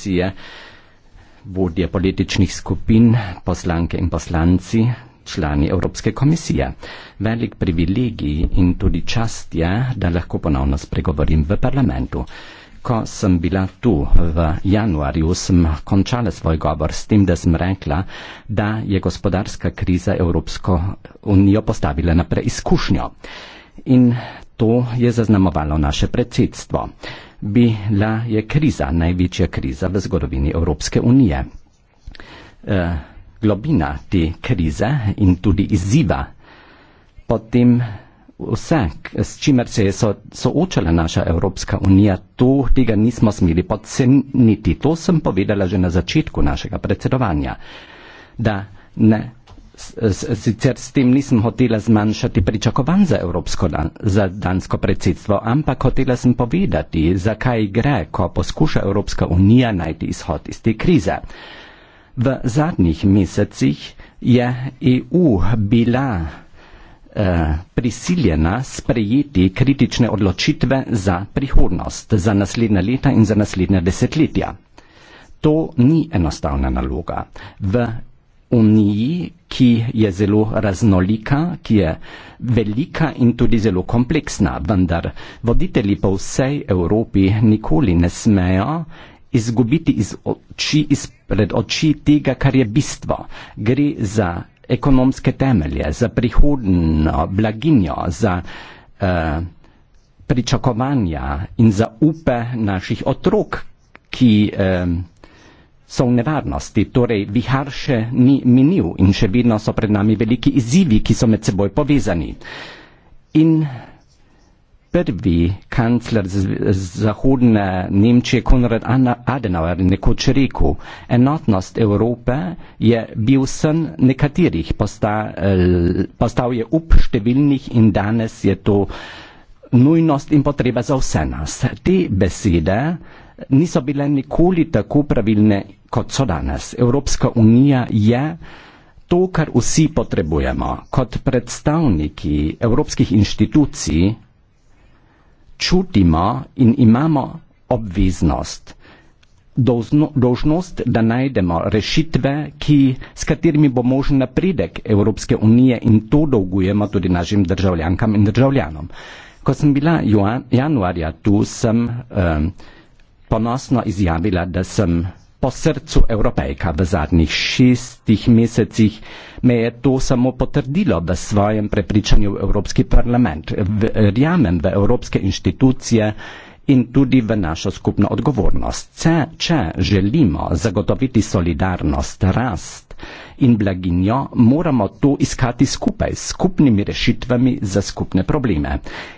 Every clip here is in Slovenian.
opozicije, vodje političnih skupin, poslanke in poslanci, člani Evropske komisije. Velik privilegij in tudi čast je, da lahko ponovno spregovorim v parlamentu. Ko sem bila tu v januarju, sem končala svoj govor s tem, da sem rekla, da je gospodarska kriza Evropsko unijo postavila na preizkušnjo. In To je zaznamovalo naše predsedstvo. Bila je kriza, največja kriza v zgodovini Evropske unije. E, globina te krize in tudi izziva, potem vse, s čimer se je so, soočala naša Evropska unija, to tega nismo smeli podceniti. To sem povedala že na začetku našega predsedovanja, da ne sicer s tem nisem hotela zmanjšati pričakovanj za evropsko dan, za dansko predsedstvo, ampak hotela sem povedati, zakaj gre, ko poskuša Evropska unija najti izhod iz te krize. V zadnjih mesecih je EU bila eh, prisiljena sprejeti kritične odločitve za prihodnost, za naslednja leta in za naslednja desetletja. To ni enostavna naloga. V uniji, ki je zelo raznolika, ki je velika in tudi zelo kompleksna, vendar voditelji po vsej Evropi nikoli ne smejo izgubiti iz oči, izpred oči tega, kar je bistvo. Gre za ekonomske temelje, za prihodno blaginjo, za uh, pričakovanja in za upe naših otrok, ki uh, so v nevarnosti, torej vihar še ni minil in še vedno so pred nami veliki izzivi, ki so med seboj povezani. In prvi kancler zahodne Nemčije Konrad Adenauer nekoč rekel, enotnost Evrope je bil sen nekaterih, posta, postal je up številnih in danes je to nujnost in potreba za vse nas. Te besede niso bile nikoli tako pravilne, kot so danes. Evropska unija je to, kar vsi potrebujemo. Kot predstavniki evropskih inštitucij čutimo in imamo obveznost, dožnost, da najdemo rešitve, ki, s katerimi bo možen napredek Evropske unije in to dolgujemo tudi našim državljankam in državljanom. Ko sem bila januarja tu, sem um, ponosno izjavila, da sem po srcu evropejka v zadnjih šestih mesecih, me je to samo potrdilo v svojem prepričanju v Evropski parlament. Verjamem v, v Evropske inštitucije, in tudi v našo skupno odgovornost. Če, če želimo zagotoviti solidarnost, rast in blaginjo, moramo to iskati skupaj s skupnimi rešitvami za skupne probleme.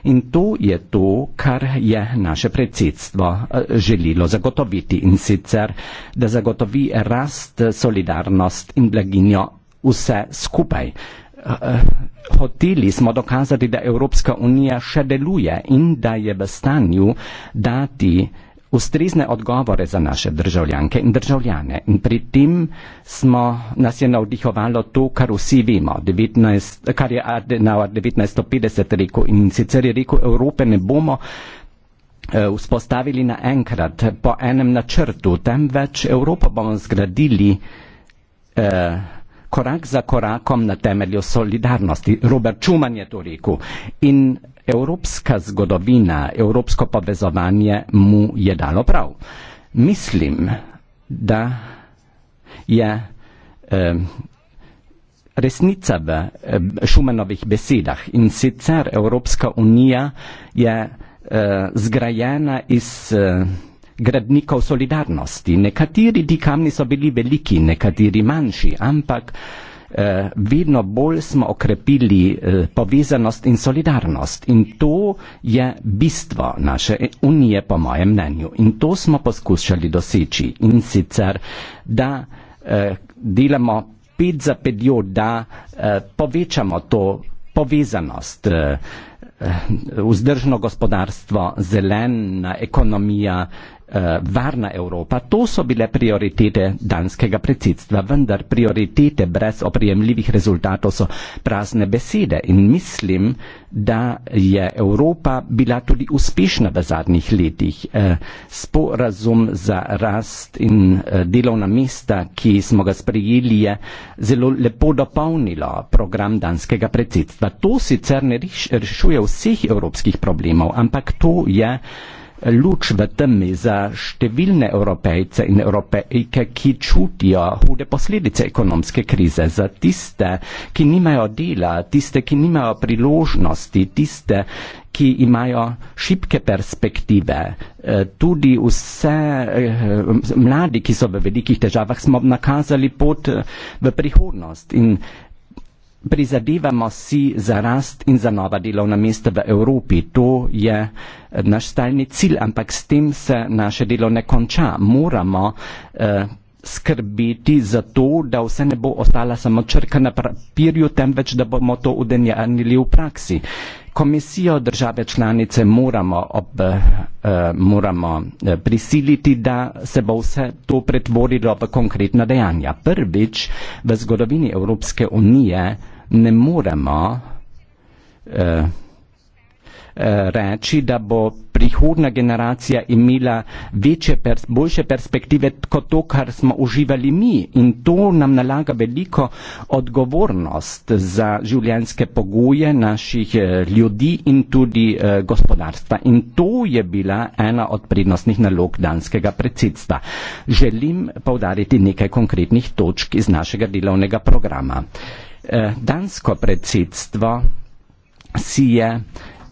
In to je to, kar je naše predsedstvo eh, želilo zagotoviti in sicer, da zagotovi rast, solidarnost in blaginjo vse skupaj hoteli smo dokazati, da Evropska unija še deluje in da je v stanju dati ustrezne odgovore za naše državljanke in državljane. In pri tem smo, nas je navdihovalo to, kar vsi vemo, 19, kar je Adenauer 1950 rekel in sicer je rekel, Evrope ne bomo eh, vzpostavili naenkrat po enem načrtu, temveč Evropo bomo zgradili eh, korak za korakom na temelju solidarnosti. Robert Schuman je to rekel. In evropska zgodovina, evropsko povezovanje mu je dalo prav. Mislim, da je eh, resnica v Šumanovih besedah in sicer Evropska unija je eh, zgrajena iz eh, gradnikov solidarnosti. Nekateri ti kamni so bili veliki, nekateri manjši, ampak eh, vedno bolj smo okrepili eh, povezanost in solidarnost. In to je bistvo naše unije, po mojem mnenju. In to smo poskušali doseči. In sicer, da eh, delamo pet za petjo, da eh, povečamo to povezanost. Eh, eh vzdržno gospodarstvo, zelena ekonomija, uh, varna Evropa. To so bile prioritete danskega predsedstva, vendar prioritete brez oprijemljivih rezultatov so prazne besede. In mislim, da je Evropa bila tudi uspešna v zadnjih letih. Uh, sporazum za rast in uh, delovna mesta, ki smo ga sprejeli, je zelo lepo dopolnilo program danskega predsedstva. To sicer ne rešuje vseh evropskih problemov, ampak to je luč v temi za številne evropejce in evropejke, ki čutijo hude posledice ekonomske krize, za tiste, ki nimajo dela, tiste, ki nimajo priložnosti, tiste, ki imajo šibke perspektive. Eh, tudi vse eh, mladi, ki so v velikih težavah, smo nakazali pot eh, v prihodnost. In Prizadevamo si za rast in za nova delovna mesta v Evropi. To je naš stalni cilj, ampak s tem se naše delo ne konča. Moramo eh, skrbeti za to, da vse ne bo ostala samo črka na papirju, temveč da bomo to udenjanili v praksi. Komisijo države članice moramo, ob, eh, moramo eh, prisiliti, da se bo vse to pretvorilo v konkretna dejanja. Prvič v zgodovini Evropske unije ne moremo eh, eh, reči, da bo prihodna generacija imela večje, boljše perspektive kot to, kar smo uživali mi. In to nam nalaga veliko odgovornost za življenjske pogoje naših eh, ljudi in tudi gospodarstva. In to je bila ena od prednostnih nalog danskega predsedstva. Želim povdariti nekaj konkretnih točk iz našega delovnega programa. Eh, dansko predsedstvo si je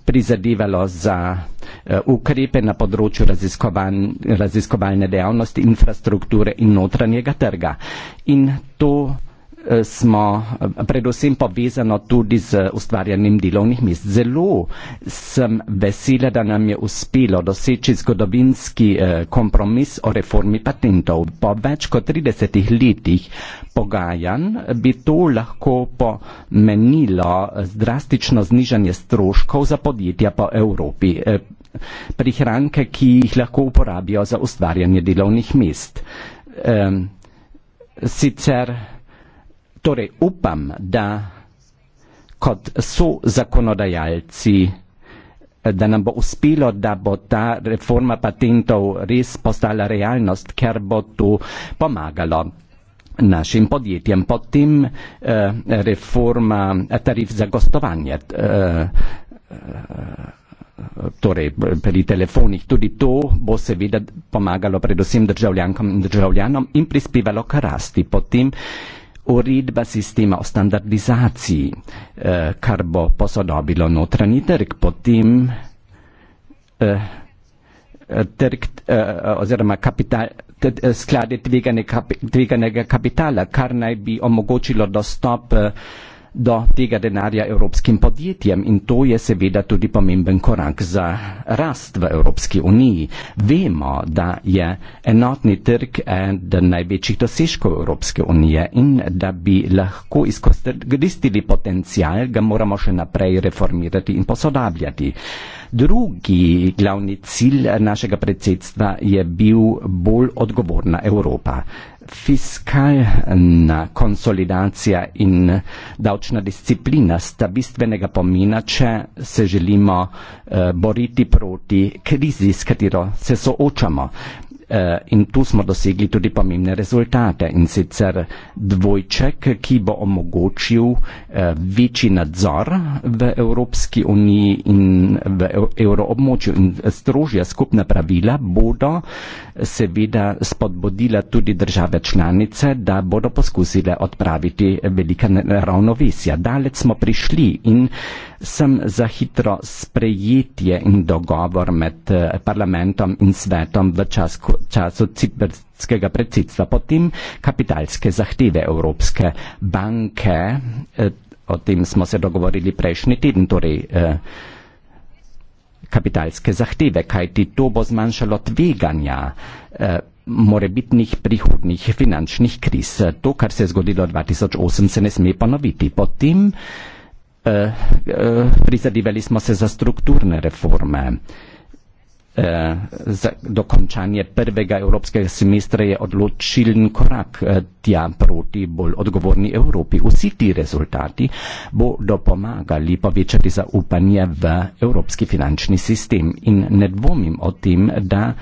prizadevalo za eh, ukrepe na področju raziskovalne dejavnosti, infrastrukture in notranjega trga. In to smo eh, predvsem povezano tudi z ustvarjanjem delovnih mest. Zelo sem vesela, da nam je uspelo doseči zgodovinski eh, kompromis o reformi patentov. Po več kot 30 letih pogajanj bi to lahko pomenilo eh, drastično znižanje stroškov za podjetja po Evropi prihranke, ki jih lahko uporabijo za ustvarjanje delovnih mest. Um, sicer Torej upam, da kot so zakonodajalci, da nam bo uspelo, da bo ta reforma patentov res postala realnost, ker bo to pomagalo našim podjetjem. Potem eh, reforma eh, tarif za gostovanje. Eh, eh, torej pri telefonih. Tudi to bo seveda pomagalo predvsem državljankam in državljanom in prispevalo k rasti. Potem eh, uredba sistema o standardizaciji, eh, kar bo posodobilo notranji trg, potem eh, trg, eh, oziroma kapital, te, eh, sklade tveganega, kap, tveganega kapitala, kar naj bi omogočilo dostop. Eh, do tega denarja evropskim podjetjem in to je seveda tudi pomemben korak za rast v Evropski uniji. Vemo, da je enotni trg eden največjih dosežkov Evropske unije in da bi lahko izkoristili potencial, ga moramo še naprej reformirati in posodabljati. Drugi glavni cilj našega predsedstva je bil bolj odgovorna Evropa fiskalna konsolidacija in davčna disciplina sta bistvenega pomena, če se želimo uh, boriti proti krizi, s katero se soočamo. Eh, in tu smo dosegli tudi pomembne rezultate in sicer dvojček, ki bo omogočil eh, večji nadzor v Evropski uniji in v euroobmočju in strožja skupna pravila bodo seveda spodbodila tudi države članice, da bodo poskusile odpraviti velika ravnovesja. Daleč smo prišli in eh, sem za hitro sprejetje in dogovor med eh, parlamentom in svetom v času, času ciprskega predsedstva. Potem kapitalske zahteve Evropske banke, eh, o tem smo se dogovorili prejšnji teden, torej eh, kapitalske zahteve, kajti to bo zmanjšalo tveganja morebitnih prihodnih finančnih kriz. To, kar se je zgodilo 2008, se ne sme ponoviti. Potem Eh, eh, prizadevali smo se za strukturne reforme. Eh, dokončanje prvega evropskega semestra je odločilen korak eh, tja proti bolj odgovorni Evropi. Vsi ti rezultati bodo pomagali povečati zaupanje v evropski finančni sistem in ne dvomim o tem, da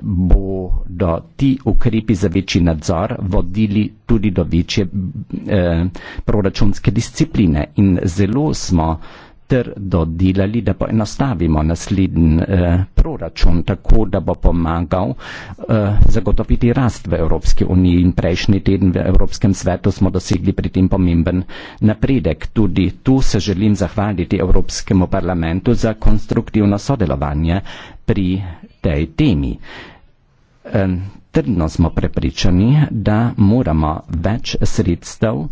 bodo ti ukrepi za večji nadzor vodili tudi do večje eh, proračunske discipline in zelo smo eh, hitro dodelali, da pa enostavimo naslednji eh, proračun, tako da bo pomagal eh, zagotoviti rast v Evropski uniji. In prejšnji teden v Evropskem svetu smo dosegli pri tem pomemben napredek. Tudi tu se želim zahvaliti Evropskemu parlamentu za konstruktivno sodelovanje pri tej temi. Eh, trdno smo prepričani, da moramo več sredstev,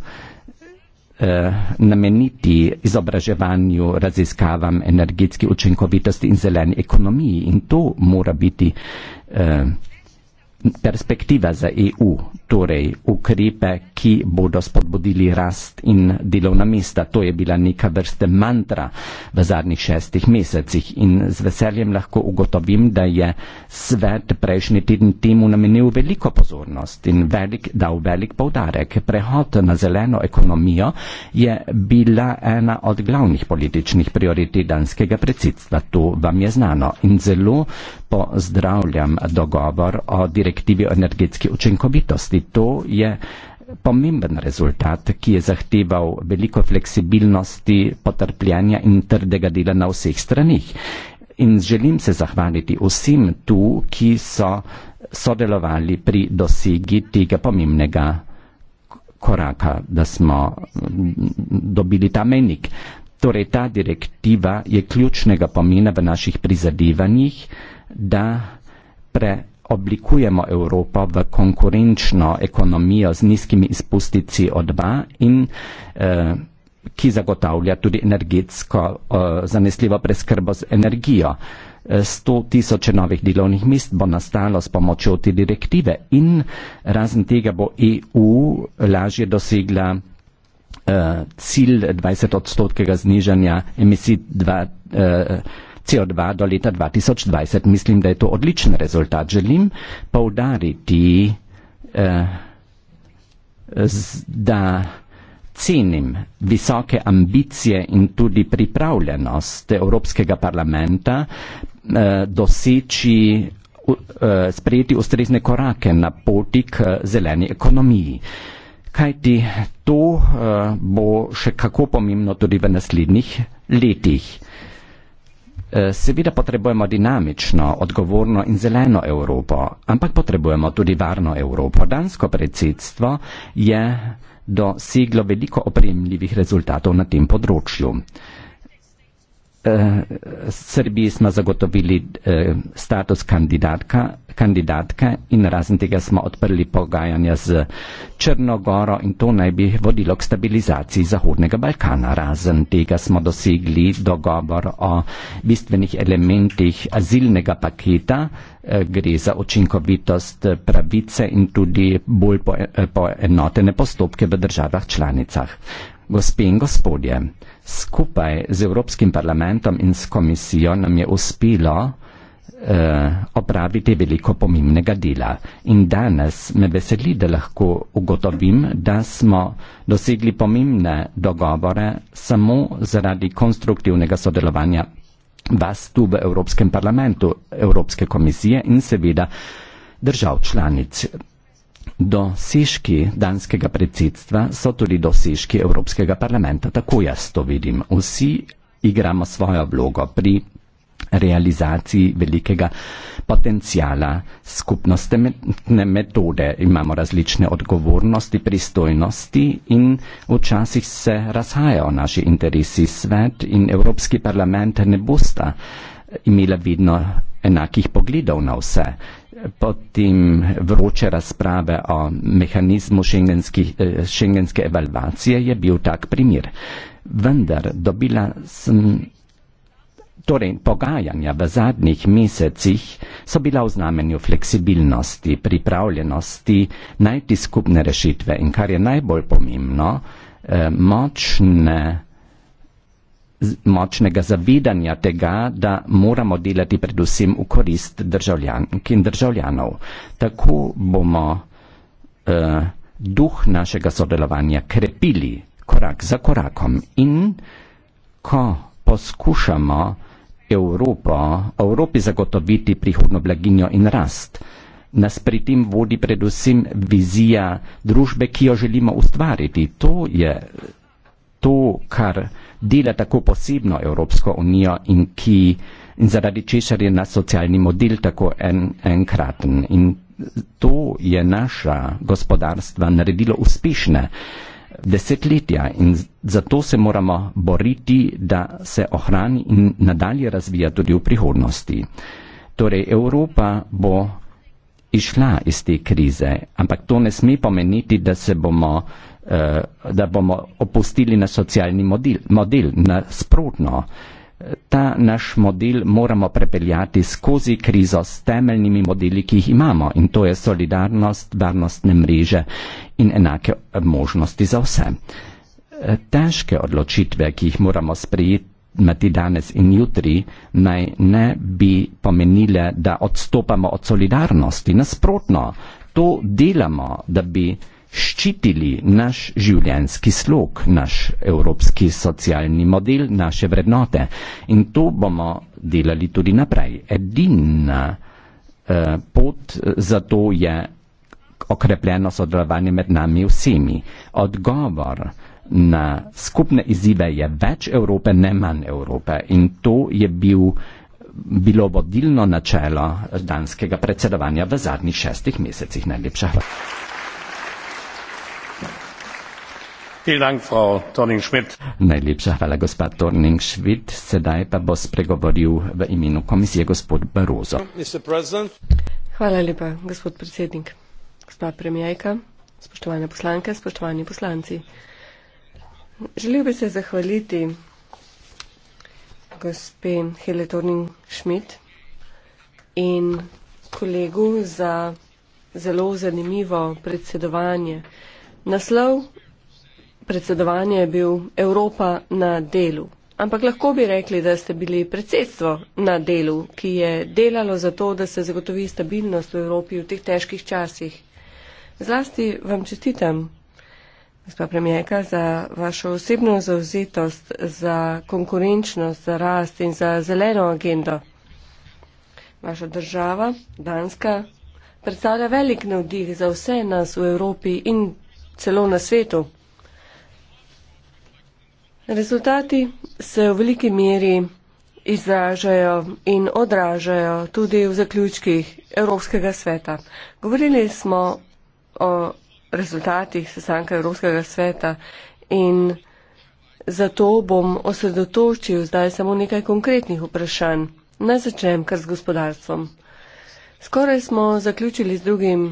Eh, nameniti izobraževanju, raziskavam energetske učinkovitosti in zeleni ekonomiji. In to mora biti eh, perspektiva za EU torej ukrepe, ki bodo spodbudili rast in delovna mesta. To je bila neka vrste mantra v zadnjih šestih mesecih in z veseljem lahko ugotovim, da je svet prejšnji teden temu namenil veliko pozornost in velik, dal velik povdarek. Prehod na zeleno ekonomijo je bila ena od glavnih političnih prioritet danskega predsedstva. To vam je znano in zelo pozdravljam dogovor o direktivi o energetski učinkovitosti. Tudi to je pomemben rezultat, ki je zahteval veliko fleksibilnosti, potrpljenja in trdega dela na vseh stranih. In želim se zahvaliti vsem tu, ki so sodelovali pri dosegi tega pomembnega koraka, da smo mm, dobili ta menik. Torej, ta direktiva je ključnega pomena v naših prizadevanjih, da pre oblikujemo Evropo v konkurenčno ekonomijo z nizkimi izpusti CO2 in eh, ki zagotavlja tudi energetsko eh, zanesljivo preskrbo z energijo. 100 eh, tisoč novih delovnih mest bo nastalo s pomočjo te direktive in razen tega bo EU lažje dosegla eh, cilj 20 odstotkega znižanja emisij 2. Eh, CO2 do leta 2020. Mislim, da je to odličen rezultat. Želim poudariti, eh, da cenim visoke ambicije in tudi pripravljenost Evropskega parlamenta eh, doseči, eh, sprejeti ustrezne korake na poti k eh, zeleni ekonomiji. Kajti to eh, bo še kako pomembno tudi v naslednjih letih. Eh, seveda potrebujemo dinamično, odgovorno in zeleno Evropo, ampak potrebujemo tudi varno Evropo. Dansko predsedstvo je doseglo veliko opremljivih rezultatov na tem področju eh, Srbiji smo zagotovili eh, status kandidatka, kandidatke in razen tega smo odprli pogajanja z Črnogoro in to naj bi vodilo k stabilizaciji Zahodnega Balkana. Razen tega smo dosegli dogovor o bistvenih elementih azilnega paketa, eh, gre za očinkovitost pravice in tudi bolj eh, poenotene po postopke v državah članicah. Gospe in gospodje, Skupaj z Evropskim parlamentom in s komisijo nam je uspelo eh, opraviti veliko pomembnega dela. In danes me veseli, da lahko ugotovim, da smo dosegli pomembne dogovore samo zaradi konstruktivnega sodelovanja vas tu v Evropskem parlamentu, Evropske komisije in seveda držav članic. Dosežki danskega predsedstva so tudi dosežki Evropskega parlamenta, tako jaz to vidim. Vsi igramo svojo vlogo pri realizaciji velikega potencijala skupnostne metode. Imamo različne odgovornosti, pristojnosti in včasih se razhajajo naši interesi. Svet in Evropski parlament ne bosta imela vedno enakih pogledov na vse potem vroče razprave o mehanizmu eh, šengenske evalvacije je bil tak primer. Vendar dobila sem, torej pogajanja v zadnjih mesecih so bila v znamenju fleksibilnosti, pripravljenosti najti skupne rešitve in kar je najbolj pomembno, eh, močne močnega zavedanja tega, da moramo delati predvsem v korist državljank in državljanov. Tako bomo eh, duh našega sodelovanja krepili korak za korakom in ko poskušamo Evropo, Evropi zagotoviti prihodno blaginjo in rast, nas pri tem vodi predvsem vizija družbe, ki jo želimo ustvariti. To je to, kar dela tako posebno Evropsko unijo in, ki, in zaradi česar je naš socialni model tako en, enkraten. In to je naša gospodarstva naredilo uspešne desetletja in zato se moramo boriti, da se ohrani in nadalje razvija tudi v prihodnosti. Torej Evropa bo išla iz te krize, ampak to ne sme pomeniti, da se bomo Eh, da bomo opustili naš socialni model, model nasprotno. Ta naš model moramo prepeljati skozi krizo s temeljnimi modeli, ki jih imamo in to je solidarnost, varnostne mreže in enake možnosti za vse. Eh, težke odločitve, ki jih moramo sprejeti danes in jutri, naj ne bi pomenile, da odstopamo od solidarnosti. Nasprotno, to delamo, da bi ščitili naš življenski slog, naš evropski socialni model, naše vrednote. In to bomo delali tudi naprej. Edina eh, pot za to je okrepljeno sodelovanje med nami vsemi. Odgovor na skupne izzive je več Evrope, ne manj Evrope. In to je bil, bilo vodilno načelo danskega predsedovanja v zadnjih šestih mesecih. Najlepša hvala. Vielen Dank, Frau Thorning Schmidt. Najlepša hvala, gospod Thorning Schmidt. Sedaj pa bo spregovoril v imenu komisije gospod Barozo. Hvala lepa, gospod predsednik. Gospod premijajka, spoštovane poslanke, spoštovani poslanci. Želel bi se zahvaliti gospe Hele Thorning Schmidt in kolegu za zelo zanimivo predsedovanje. Naslov predsedovanje je bil Evropa na delu. Ampak lahko bi rekli, da ste bili predsedstvo na delu, ki je delalo za to, da se zagotovi stabilnost v Evropi v teh težkih časih. Zlasti vam čestitam, gospod premijeka, za vašo osebno zauzetost, za konkurenčnost, za rast in za zeleno agendo. Vaša država, Danska, predstavlja velik navdih za vse nas v Evropi in celo na svetu. Rezultati se v veliki meri izražajo in odražajo tudi v zaključkih Evropskega sveta. Govorili smo o rezultatih sestanka Evropskega sveta in zato bom osredotočil zdaj samo nekaj konkretnih vprašanj. Naj začnem kar z gospodarstvom. Skoraj smo zaključili z drugim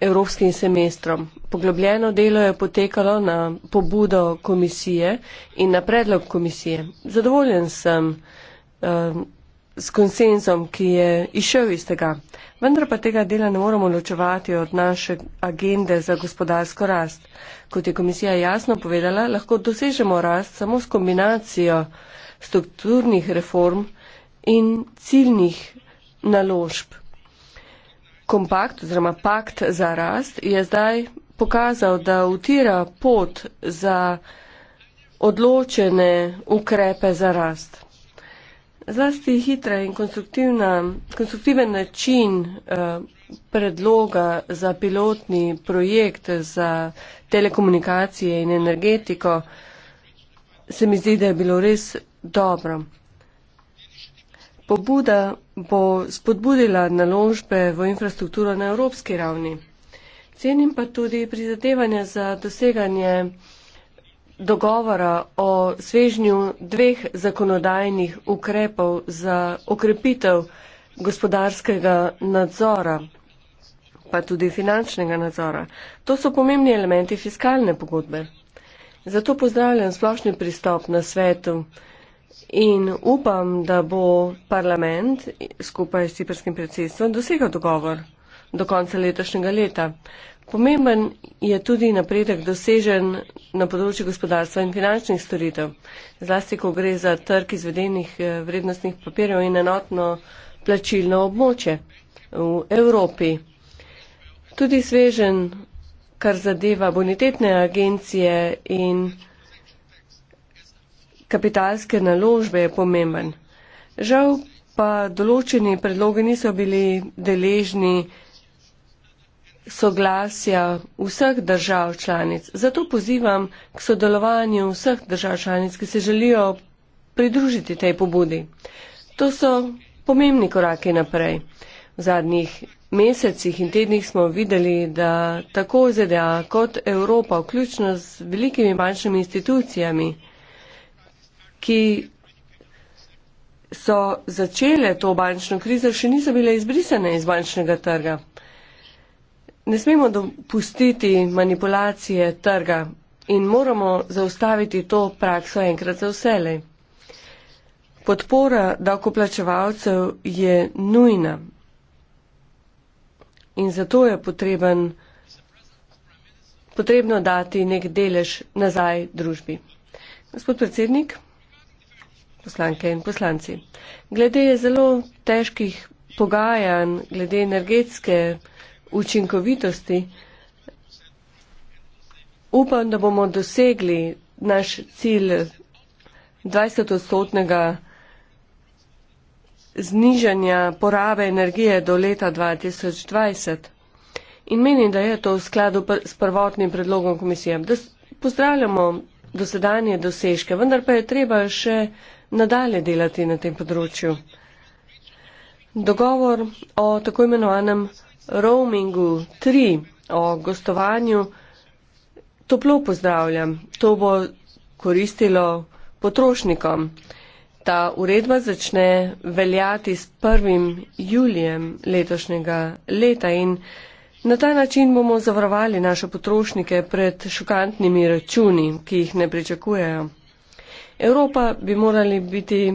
evropskim semestrom. Poglobljeno delo je potekalo na pobudo komisije in na predlog komisije. Zadovoljen sem um, s konsenzom, ki je išel iz tega. Vendar pa tega dela ne moramo ločevati od naše agende za gospodarsko rast. Kot je komisija jasno povedala, lahko dosežemo rast samo s kombinacijo strukturnih reform in ciljnih naložb kompakt oziroma pakt za rast je zdaj pokazal, da utira pot za odločene ukrepe za rast. Zlasti hitra in konstruktiven način eh, predloga za pilotni projekt za telekomunikacije in energetiko se mi zdi, da je bilo res dobro pobuda bo spodbudila naložbe v infrastrukturo na evropski ravni. Cenim pa tudi prizadevanje za doseganje dogovora o svežnju dveh zakonodajnih ukrepov za okrepitev gospodarskega nadzora, pa tudi finančnega nadzora. To so pomembni elementi fiskalne pogodbe. Zato pozdravljam splošni pristop na svetu. In upam, da bo parlament skupaj s ciprskim predsedstvom dosegal dogovor do konca letošnjega leta. Pomemben je tudi napredek dosežen na področju gospodarstva in finančnih storitev, zlasti ko gre za trg izvedenih eh, vrednostnih papirjev in enotno plačilno območje v Evropi. Tudi svežen, kar zadeva bonitetne agencije in kapitalske naložbe je pomemben. Žal pa določeni predlogi niso bili deležni soglasja vseh držav članic. Zato pozivam k sodelovanju vseh držav članic, ki se želijo pridružiti tej pobudi. To so pomembni koraki naprej. V zadnjih mesecih in tednih smo videli, da tako ZDA kot Evropa, vključno z velikimi bančnimi institucijami, ki so začele to bančno krizo, še niso bile izbrisane iz bančnega trga. Ne smemo dopustiti manipulacije trga in moramo zaustaviti to prakso enkrat za vselej. Podpora davkoplačevalcev je nujna in zato je potreben, potrebno dati nek delež nazaj družbi. Gospod predsednik poslanke in poslanci. Glede zelo težkih pogajanj, glede energetske učinkovitosti, upam, da bomo dosegli naš cilj 20 odstotnega znižanja porabe energije do leta 2020. In menim, da je to v skladu pr s prvotnim predlogom komisije. Pozdravljamo dosedanje dosežke, vendar pa je treba še nadalje delati na tem področju. Dogovor o tako imenovanem roamingu 3, o gostovanju, toplo pozdravljam. To bo koristilo potrošnikom. Ta uredba začne veljati s 1. julijem letošnjega leta in na ta način bomo zavarovali naše potrošnike pred šokantnimi računi, ki jih ne pričakujejo. Evropa bi morali biti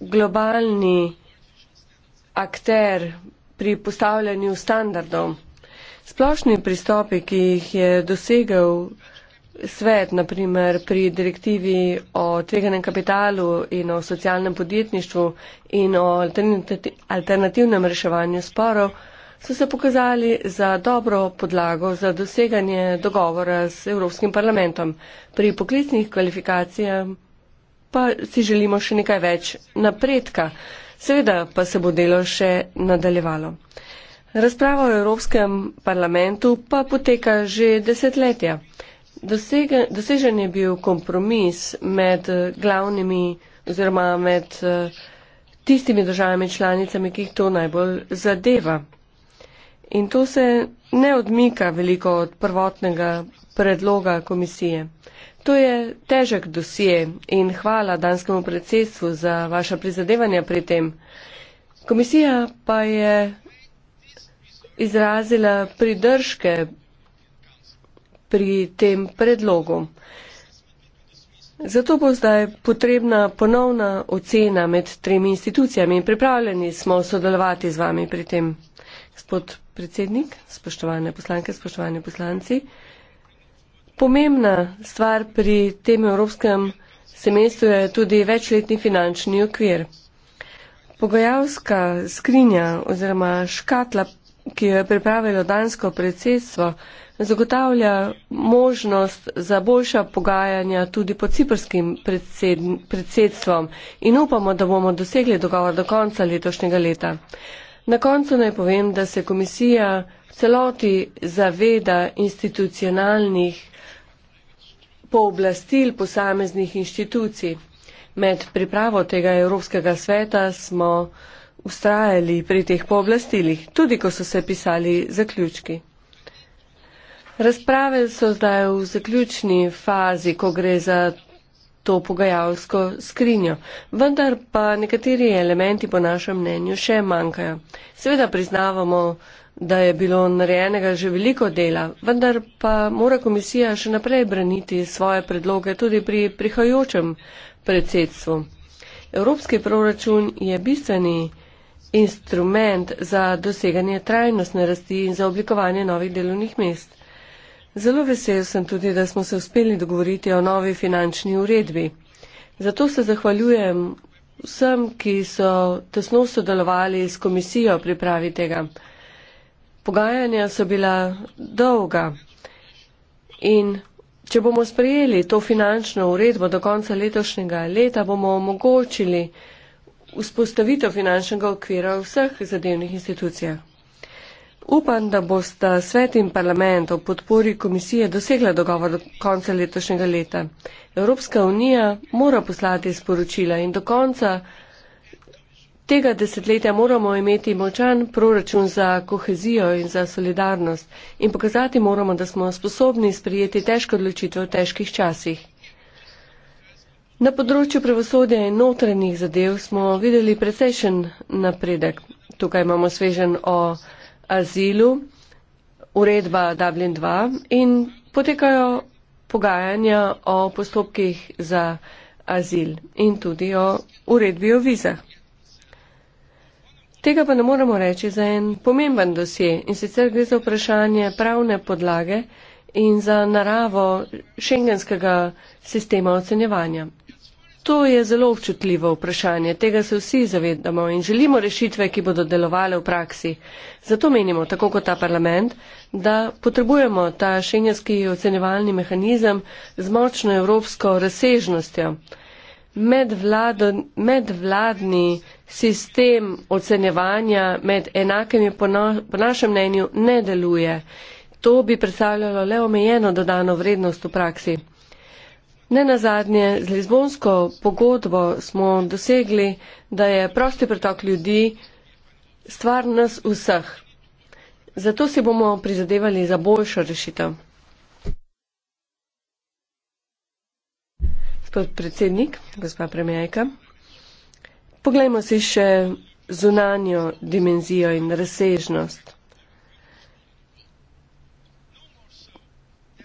globalni akter pri postavljanju standardov. Splošni pristopi, ki jih je dosegel svet, naprimer pri direktivi o tveganem kapitalu in o socialnem podjetništvu in o alternativnem reševanju sporov, so se pokazali za dobro podlago za doseganje dogovora s Evropskim parlamentom. Pri poklicnih kvalifikacijah pa si želimo še nekaj več napredka. Seveda pa se bo delo še nadaljevalo. Razprava o Evropskem parlamentu pa poteka že desetletja. Dosege, dosežen je bil kompromis med eh, glavnimi oziroma med eh, tistimi državami članicami, ki jih to najbolj zadeva in to se ne odmika veliko od prvotnega predloga komisije. To je težek dosije in hvala danskemu predsedstvu za vaša prizadevanja pri tem. Komisija pa je izrazila pridržke pri tem predlogu. Zato bo zdaj potrebna ponovna ocena med tremi institucijami in pripravljeni smo sodelovati z vami pri tem. Gospod predsednik, spoštovane poslanke, spoštovani poslanci. Pomembna stvar pri tem evropskem semestru je tudi večletni finančni okvir. Pogajalska skrinja oziroma škatla, ki jo je pripravilo dansko predsedstvo, zagotavlja možnost za boljša pogajanja tudi pod ciprskim predsedstvom in upamo, da bomo dosegli dogovor do konca letošnjega leta. Na koncu naj povem, da se komisija v celoti zaveda institucionalnih pooblastil posameznih inštitucij. Med pripravo tega Evropskega sveta smo ustrajali pri teh pooblastilih, tudi ko so se pisali zaključki. Razprave so zdaj v zaključni fazi, ko gre za to pogajalsko skrinjo. Vendar pa nekateri elementi po našem mnenju še manjkajo. Seveda priznavamo, da je bilo narejenega že veliko dela, vendar pa mora komisija še naprej braniti svoje predloge tudi pri prihajajočem predsedstvu. Evropski proračun je bistveni instrument za doseganje trajnostne rasti in za oblikovanje novih delovnih mest. Zelo vesel sem tudi, da smo se uspeli dogovoriti o novi finančni uredbi. Zato se zahvaljujem vsem, ki so tesno sodelovali s komisijo pripravi tega. Pogajanja so bila dolga in če bomo sprejeli to finančno uredbo do konca letošnjega leta, bomo omogočili vzpostavitev finančnega okvira v vseh zadevnih institucijah. Upam, da boste svet in parlament v podpori komisije dosegla dogovor do konca letošnjega leta. Evropska unija mora poslati sporočila in do konca tega desetletja moramo imeti močan proračun za kohezijo in za solidarnost in pokazati moramo, da smo sposobni sprejeti težko odločitve v težkih časih. Na področju pravosodja in notranjih zadev smo videli precejšen napredek. Tukaj imamo svežen o azilu, uredba Dublin 2 in potekajo pogajanja o postopkih za azil in tudi o uredbi o vizah. Tega pa ne moremo reči za en pomemben dosje in sicer gre za vprašanje pravne podlage in za naravo šengenskega sistema ocenjevanja. To je zelo občutljivo vprašanje, tega se vsi zavedamo in želimo rešitve, ki bodo delovale v praksi. Zato menimo, tako kot ta parlament, da potrebujemo ta šengenski ocenjevalni mehanizem z močno evropsko razsežnostjo. Med vlado, medvladni sistem ocenjevanja med enakimi no, po našem mnenju ne deluje. To bi predstavljalo le omejeno dodano vrednost v praksi. Ne nazadnje, z Lizbonsko pogodbo smo dosegli, da je prosti pretok ljudi stvar nas vseh. Zato si bomo prizadevali za boljšo rešitev. Gospod predsednik, gospa premijajka, poglejmo si še zunanjo dimenzijo in razsežnost.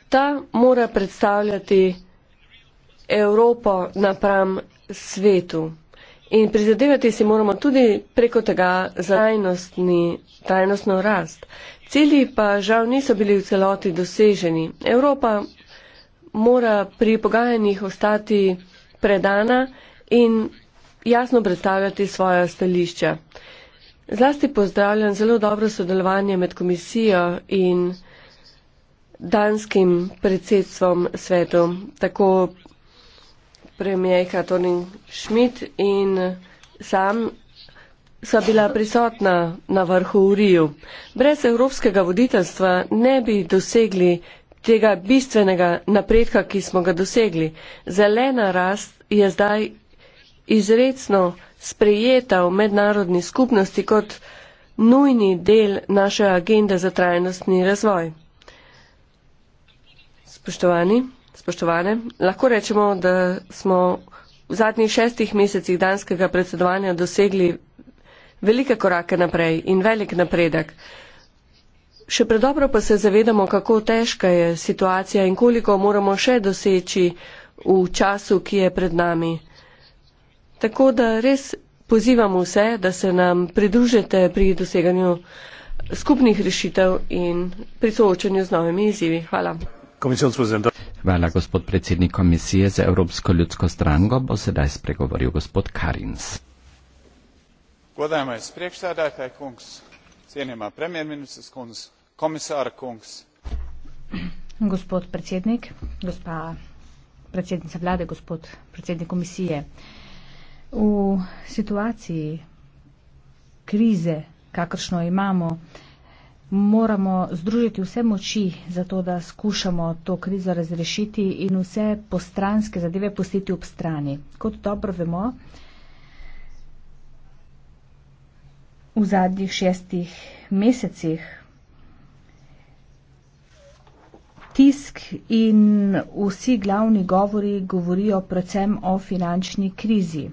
Ta mora predstavljati Evropo napram svetu. In prizadevati si moramo tudi preko tega za trajnostno rast. Cilji pa žal niso bili v celoti doseženi. Evropa mora pri pogajanjih ostati predana in jasno predstavljati svoja stališča. Zlasti pozdravljam zelo dobro sodelovanje med komisijo in danskim predsedstvom svetu, tako premijejka Tonin Schmidt in sam sva bila prisotna na vrhu v Riju. Brez evropskega voditeljstva ne bi dosegli tega bistvenega napredka, ki smo ga dosegli. Zelena rast je zdaj izredno sprejeta v mednarodni skupnosti kot nujni del naše agende za trajnostni razvoj. Spoštovani spoštovane. Lahko rečemo, da smo v zadnjih šestih mesecih danskega predsedovanja dosegli velike korake naprej in velik napredek. Še predobro pa se zavedamo, kako težka je situacija in koliko moramo še doseči v času, ki je pred nami. Tako da res pozivam vse, da se nam pridružite pri doseganju skupnih rešitev in pri soočanju z novimi izzivi. Hvala. Hvala, gospod predsednik komisije za Evropsko ljudsko strango. Bo sedaj spregovoril gospod Karins. Godajmais priekšstādātāji kungs, cienījumā premjerministrs kungs, komisāra kungs. Gospod predsjednik, gospa predsjednica vlade, gospod predsjednik komisije. U situaciji krize kakršno imamo, moramo združiti vse moči za to, da skušamo to krizo razrešiti in vse postranske zadeve pustiti ob strani. Kot dobro vemo, v zadnjih šestih mesecih tisk in vsi glavni govori govorijo predvsem o finančni krizi.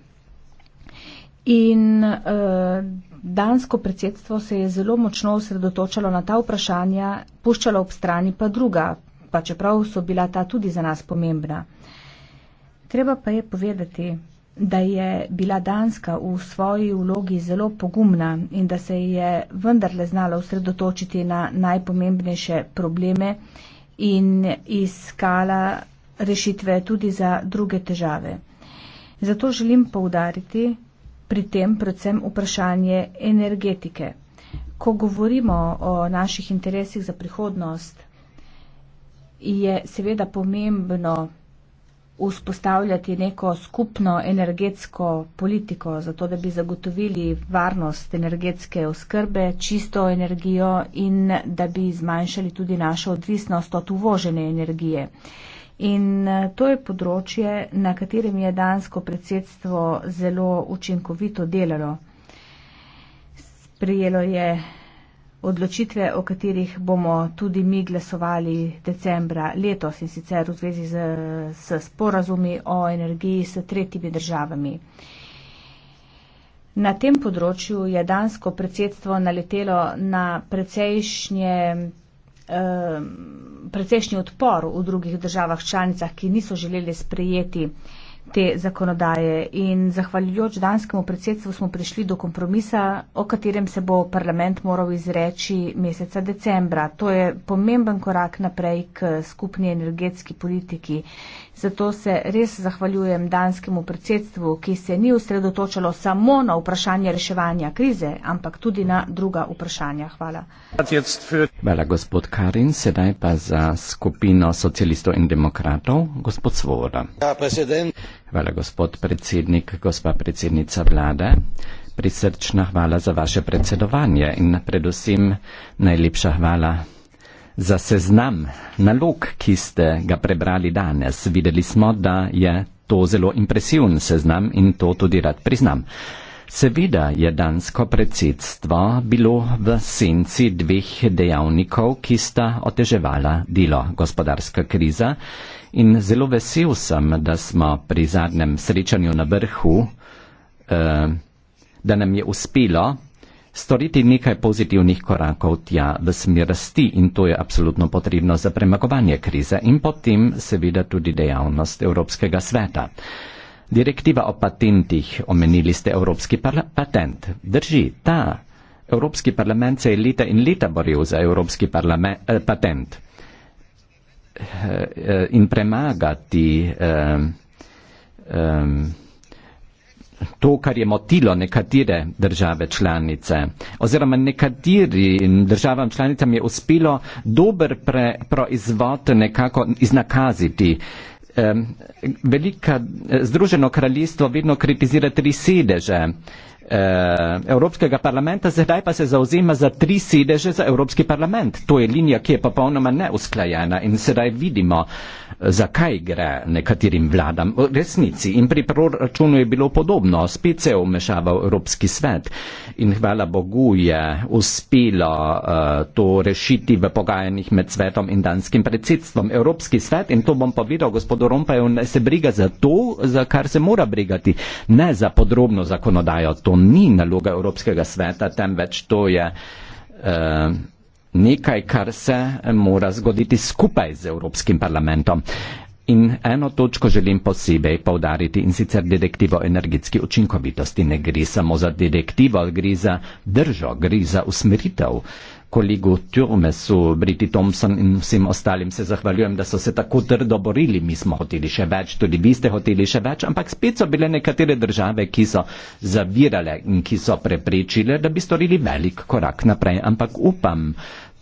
In uh, dansko predsedstvo se je zelo močno osredotočalo na ta vprašanja, puščalo ob strani pa druga, pa čeprav so bila ta tudi za nas pomembna. Treba pa je povedati, da je bila Danska v svoji vlogi zelo pogumna in da se je vendarle znala osredotočiti na najpomembnejše probleme in iskala rešitve tudi za druge težave. Zato želim poudariti, pri tem predvsem vprašanje energetike. Ko govorimo o naših interesih za prihodnost, je seveda pomembno vzpostavljati neko skupno energetsko politiko, zato da bi zagotovili varnost energetske oskrbe, čisto energijo in da bi zmanjšali tudi našo odvisnost od uvožene energije. In eh, to je področje, na katerem je dansko predsedstvo zelo učinkovito delalo. Sprijelo je odločitve, o katerih bomo tudi mi glasovali decembra letos in sicer v zvezi z, s sporazumi o energiji s tretjimi državami. Na tem področju je dansko predsedstvo naletelo na precejšnje Um, precejšnji odpor v drugih državah članicah, ki niso želeli sprejeti te zakonodaje. In zahvaljujoč danskemu predsedstvu smo prišli do kompromisa, o katerem se bo parlament moral izreči meseca decembra. To je pomemben korak naprej k skupni energetski politiki. Zato se res zahvaljujem danskemu predsedstvu, ki se ni usredotočalo samo na vprašanje reševanja krize, ampak tudi na druga vprašanja. Hvala. Hvala, gospod Karin. Sedaj pa za skupino socialistov in demokratov, gospod Svoboda. Ja, hvala, gospod predsednik, gospa predsednica vlade. Prisrčna hvala za vaše predsedovanje in predvsem najlepša hvala Za seznam nalog, ki ste ga prebrali danes, videli smo, da je to zelo impresiven seznam in to tudi rad priznam. Seveda je dansko predsedstvo bilo v senci dveh dejavnikov, ki sta oteževala delo gospodarska kriza in zelo vesel sem, da smo pri zadnjem srečanju na vrhu, eh, da nam je uspelo storiti nekaj pozitivnih korakov tja v smer rasti in to je absolutno potrebno za premagovanje krize in potem seveda tudi dejavnost Evropskega sveta. Direktiva o patentih, omenili ste Evropski patent. Drži, ta Evropski parlament se je leta in leta boril za Evropski eh, patent eh, eh, in premagati eh, eh, to, kar je motilo nekatere države članice. Oziroma nekaterim državam članicam je uspelo dober pre, proizvod nekako iznakaziti. Um, velika, združeno kraljestvo vedno kritizira tri sedeže. Eh, Evropskega parlamenta, zdaj pa se zauzema za tri sedeže za Evropski parlament. To je linija, ki je popolnoma neusklajena in sedaj vidimo, zakaj gre nekaterim vladam v resnici. In pri proračunu je bilo podobno, spet se je vmešaval Evropski svet in hvala Bogu je uspelo uh, to rešiti v pogajanjih med svetom in danskim predsedstvom. Evropski svet, in to bom povedal gospodu Rompaju, ne se briga za to, za kar se mora brigati, ne za podrobno zakonodajo. To ni naloga Evropskega sveta, temveč to je eh, nekaj, kar se mora zgoditi skupaj z Evropskim parlamentom. In eno točko želim posebej povdariti in sicer direktivo energetski učinkovitosti. Ne gre samo za direktivo, gre za držo, gre za usmeritev. Uh, kolegu Tjomesu, Briti Thompson in vsem ostalim se zahvaljujem, da so se tako trdo borili. Mi smo hoteli še več, tudi vi ste hoteli še več, ampak spet so bile nekatere države, ki so zavirale in ki so preprečile, da bi storili velik korak naprej. Ampak upam,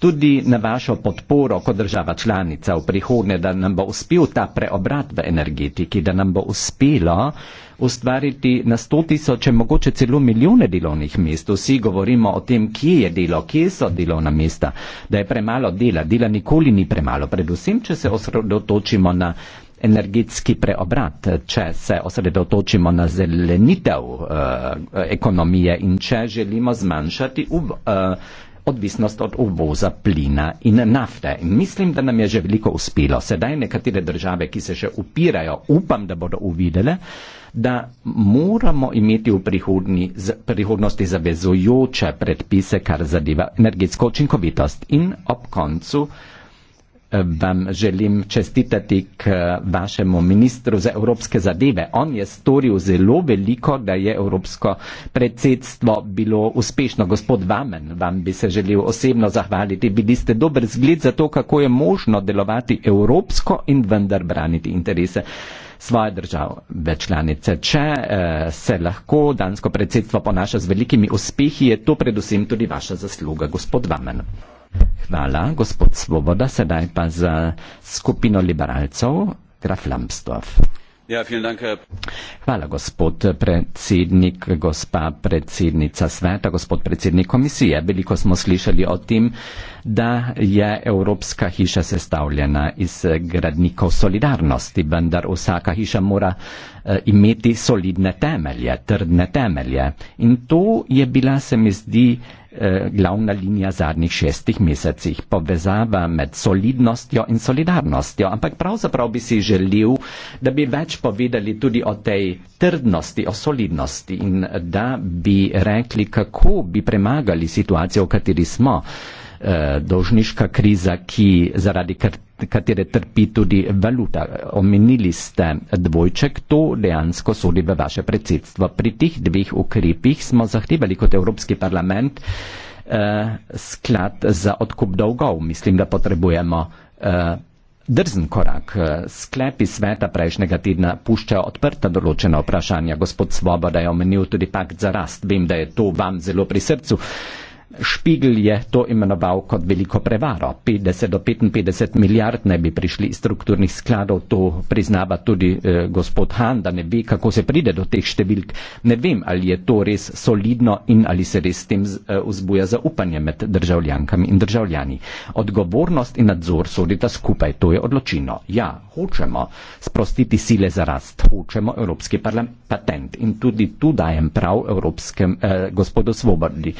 tudi na vašo podporo kot država članica v prihodnje, da nam bo uspel ta preobrat v energetiki, da nam bo uspelo ustvariti na sto tisoče, mogoče celo milijone delovnih mest. Vsi govorimo o tem, kje je delo, kje so delovna mesta, da je premalo dela. Dela nikoli ni premalo, predvsem, če se osredotočimo na energetski preobrat, če se osredotočimo na zelenitev uh, ekonomije in če želimo zmanjšati. Uh, eh, odvisnost od uvoza plina in nafte. In mislim, da nam je že veliko uspelo. Sedaj nekatere države, ki se še upirajo, upam, da bodo uvidele, da moramo imeti v prihodni, z, prihodnosti zavezujoče predpise, kar zadeva energetsko učinkovitost. In ob koncu vam želim čestitati k eh, vašemu ministru za evropske zadeve. On je storil zelo veliko, da je evropsko predsedstvo bilo uspešno. Gospod Vamen, vam bi se želel osebno zahvaliti. Bili ste dober zgled za to, kako je možno delovati evropsko in vendar braniti interese svoje države članice. Če eh, se lahko dansko predsedstvo ponaša z velikimi uspehi, je to predvsem tudi vaša zasluga, gospod Vamen. Hvala, gospod Svoboda, sedaj pa za skupino liberalcev, graf Lambsdorff. Ja, Hvala, gospod predsednik, gospa predsednica sveta, gospod predsednik komisije. Veliko smo slišali o tem, da je Evropska hiša sestavljena iz gradnikov solidarnosti, vendar vsaka hiša mora uh, imeti solidne temelje, trdne temelje. In to je bila, se mi zdi, Eh, glavna linija zadnjih šestih mesecih. Povezava med solidnostjo in solidarnostjo, ampak pravzaprav bi si želel, da bi več povedali tudi o tej trdnosti, o solidnosti in da bi rekli, kako bi premagali situacijo, v kateri smo. Eh, Dožniška kriza, ki zaradi katere trpi tudi valuta. Omenili ste dvojček, to dejansko sodi v vaše predsedstvo. Pri teh dveh ukrepih smo zahtevali kot Evropski parlament eh, sklad za odkup dolgov. Mislim, da potrebujemo. Eh, Drzen korak. Sklepi sveta prejšnjega tedna puščajo odprta določena vprašanja. Gospod Svoboda je omenil tudi pakt za rast. Vem, da je to vam zelo pri srcu. Uh, Špigl je to imenoval kot veliko prevaro. 50 do 55 milijard ne bi prišli iz strukturnih skladov, to priznava tudi eh, gospod Han, da ne ve, kako se pride do teh številk. Ne vem, ali je to res solidno in ali se res s tem eh, vzbuja zaupanje med državljankami in državljani. Odgovornost in nadzor sodita skupaj, to je odločino. Ja, hočemo sprostiti sile za rast, hočemo evropski patent in tudi tu dajem prav evropskem eh, gospodu Svobodi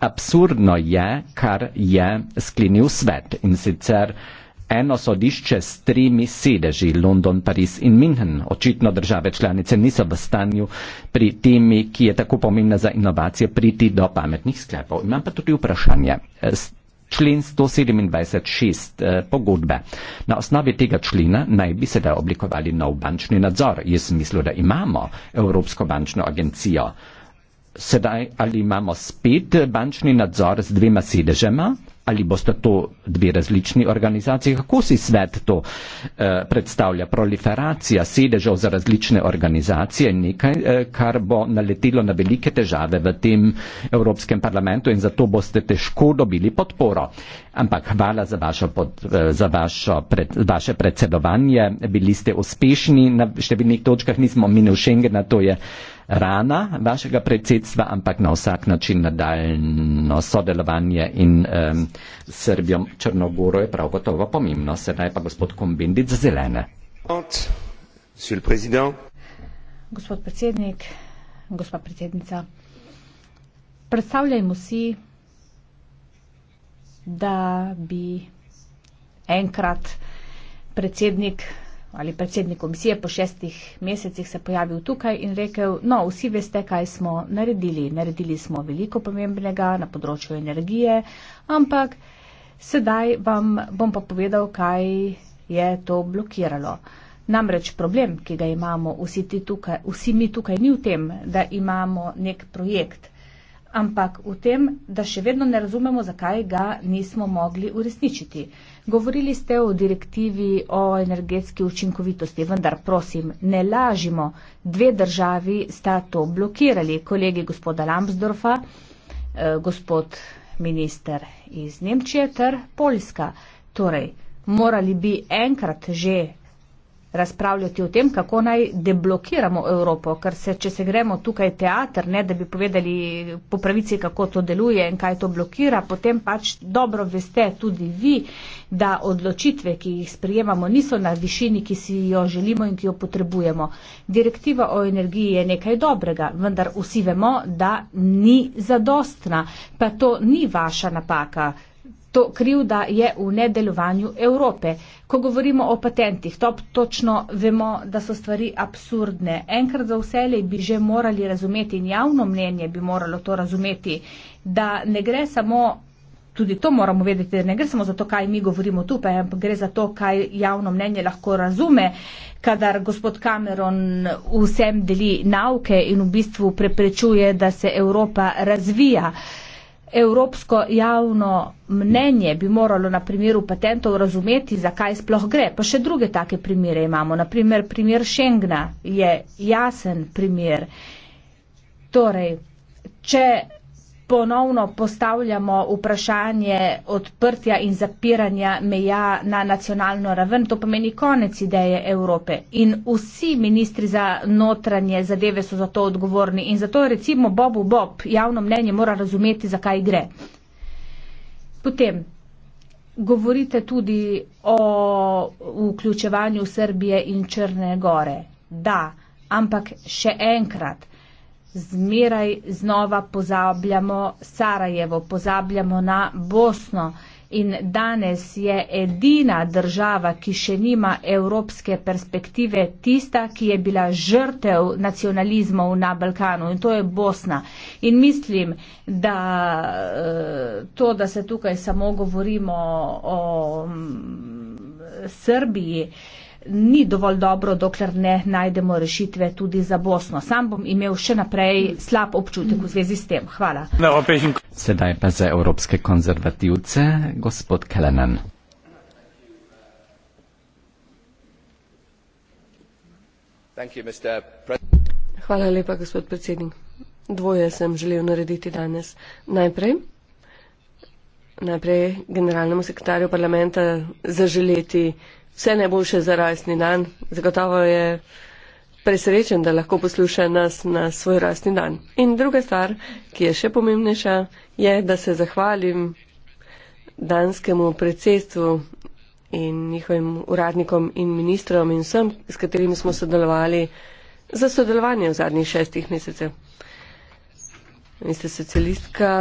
absurdno je, kar je sklenil svet in sicer eno sodišče s trimi sedeži, London, Pariz in München. Očitno države članice niso v stanju pri temi, ki je tako pomembna za inovacije, priti do pametnih sklepov. Imam pa tudi vprašanje. E, člen 127.6 e, pogodbe. Na osnovi tega člena naj bi sedaj oblikovali nov bančni nadzor. Jaz mislim, da imamo Evropsko bančno agencijo sedaj ali imamo spet bančni nadzor z dvema sedežema ali boste to dve različni organizacije. Kako si svet to uh, predstavlja? Proliferacija sedežev za različne organizacije je nekaj, uh, kar bo naletelo na velike težave v tem Evropskem parlamentu in zato boste težko dobili podporo. Ampak hvala za, vašo pod, uh, za vašo pred, vaše predsedovanje. Bili ste uspešni na številnih točkah, nismo minus Schengen, to je uh, rana vašega predsedstva, ampak na vsak način nadaljno sodelovanje in um, Srbijo Črnogoro je prav gotovo pomembno. Sedaj pa gospod Kombindic zelene. Gospod predsednik, gospa predsednica, predstavljajmo si, da bi enkrat predsednik ali predsednik komisije po šestih mesecih se pojavil tukaj in rekel, no, vsi veste, kaj smo naredili. Naredili smo veliko pomembnega na področju energije, ampak sedaj vam bom pa povedal, kaj je to blokiralo. Namreč problem, ki ga imamo vsi, tukaj, vsi mi tukaj, ni v tem, da imamo nek projekt, ampak v tem, da še vedno ne razumemo, zakaj ga nismo mogli uresničiti. Govorili ste o direktivi o energetski učinkovitosti, vendar prosim, ne lažimo, dve državi sta to blokirali, kolegi gospoda Lambsdorfa, eh, gospod minister iz Nemčije ter Poljska. Torej, morali bi enkrat že razpravljati o tem, kako naj deblokiramo Evropo, ker se, če se gremo tukaj teater, ne da bi povedali po pravici, kako to deluje in kaj to blokira, potem pač dobro veste tudi vi, da odločitve, ki jih sprijemamo, niso na višini, ki si jo želimo in ki jo potrebujemo. Direktiva o energiji je nekaj dobrega, vendar vsi vemo, da ni zadostna, pa to ni vaša napaka to krivda je v nedelovanju Evrope. Ko govorimo o patentih, to točno vemo, da so stvari absurdne. Enkrat za vselej bi že morali razumeti in javno mnenje bi moralo to razumeti, da ne gre samo. Tudi to moramo vedeti, ne gre samo za to, kaj mi govorimo tukaj, ampak gre za to, kaj javno mnenje lahko razume, kadar gospod Cameron vsem deli nauke in v bistvu preprečuje, da se Evropa razvija. Uh, Evropsko javno mnenje bi moralo na primeru patentov razumeti, zakaj sploh gre. Pa še druge take primere imamo. Naprimer, primer Schengna je jasen primer. Torej, če ponovno postavljamo vprašanje odprtja in zapiranja meja na nacionalno raven. To pomeni konec ideje Evrope. In vsi ministri za notranje zadeve so za to odgovorni. In zato recimo Bobu Bob javno mnenje mora razumeti, zakaj gre. Potem. Govorite tudi o vključevanju Srbije in Črne gore. Da, ampak še enkrat zmeraj znova pozabljamo Sarajevo, pozabljamo na Bosno. In danes je edina država, ki še nima evropske perspektive, tista, ki je bila žrtev nacionalizmov na Balkanu in to je Bosna. In mislim, da eh, to, da se tukaj samo govorimo o mm, Srbiji, ni dovolj dobro, dokler ne najdemo rešitve tudi za Bosno. Sam bom imel še naprej slab občutek v zvezi s tem. Hvala. Sedaj pa za evropske konzervativce, gospod Kelenen. Hvala lepa, gospod predsednik. Dvoje sem želel narediti danes. Najprej, najprej generalnemu sekretarju parlamenta zaželeti vse najboljše za rasni dan. Zagotovo je presrečen, da lahko posluša nas na svoj rasni dan. In druga stvar, ki je še pomembnejša, je, da se zahvalim danskemu predsedstvu in njihovim uradnikom in ministrom in vsem, s katerimi smo sodelovali za sodelovanje v zadnjih šestih mesecev. Vi ste socialistka,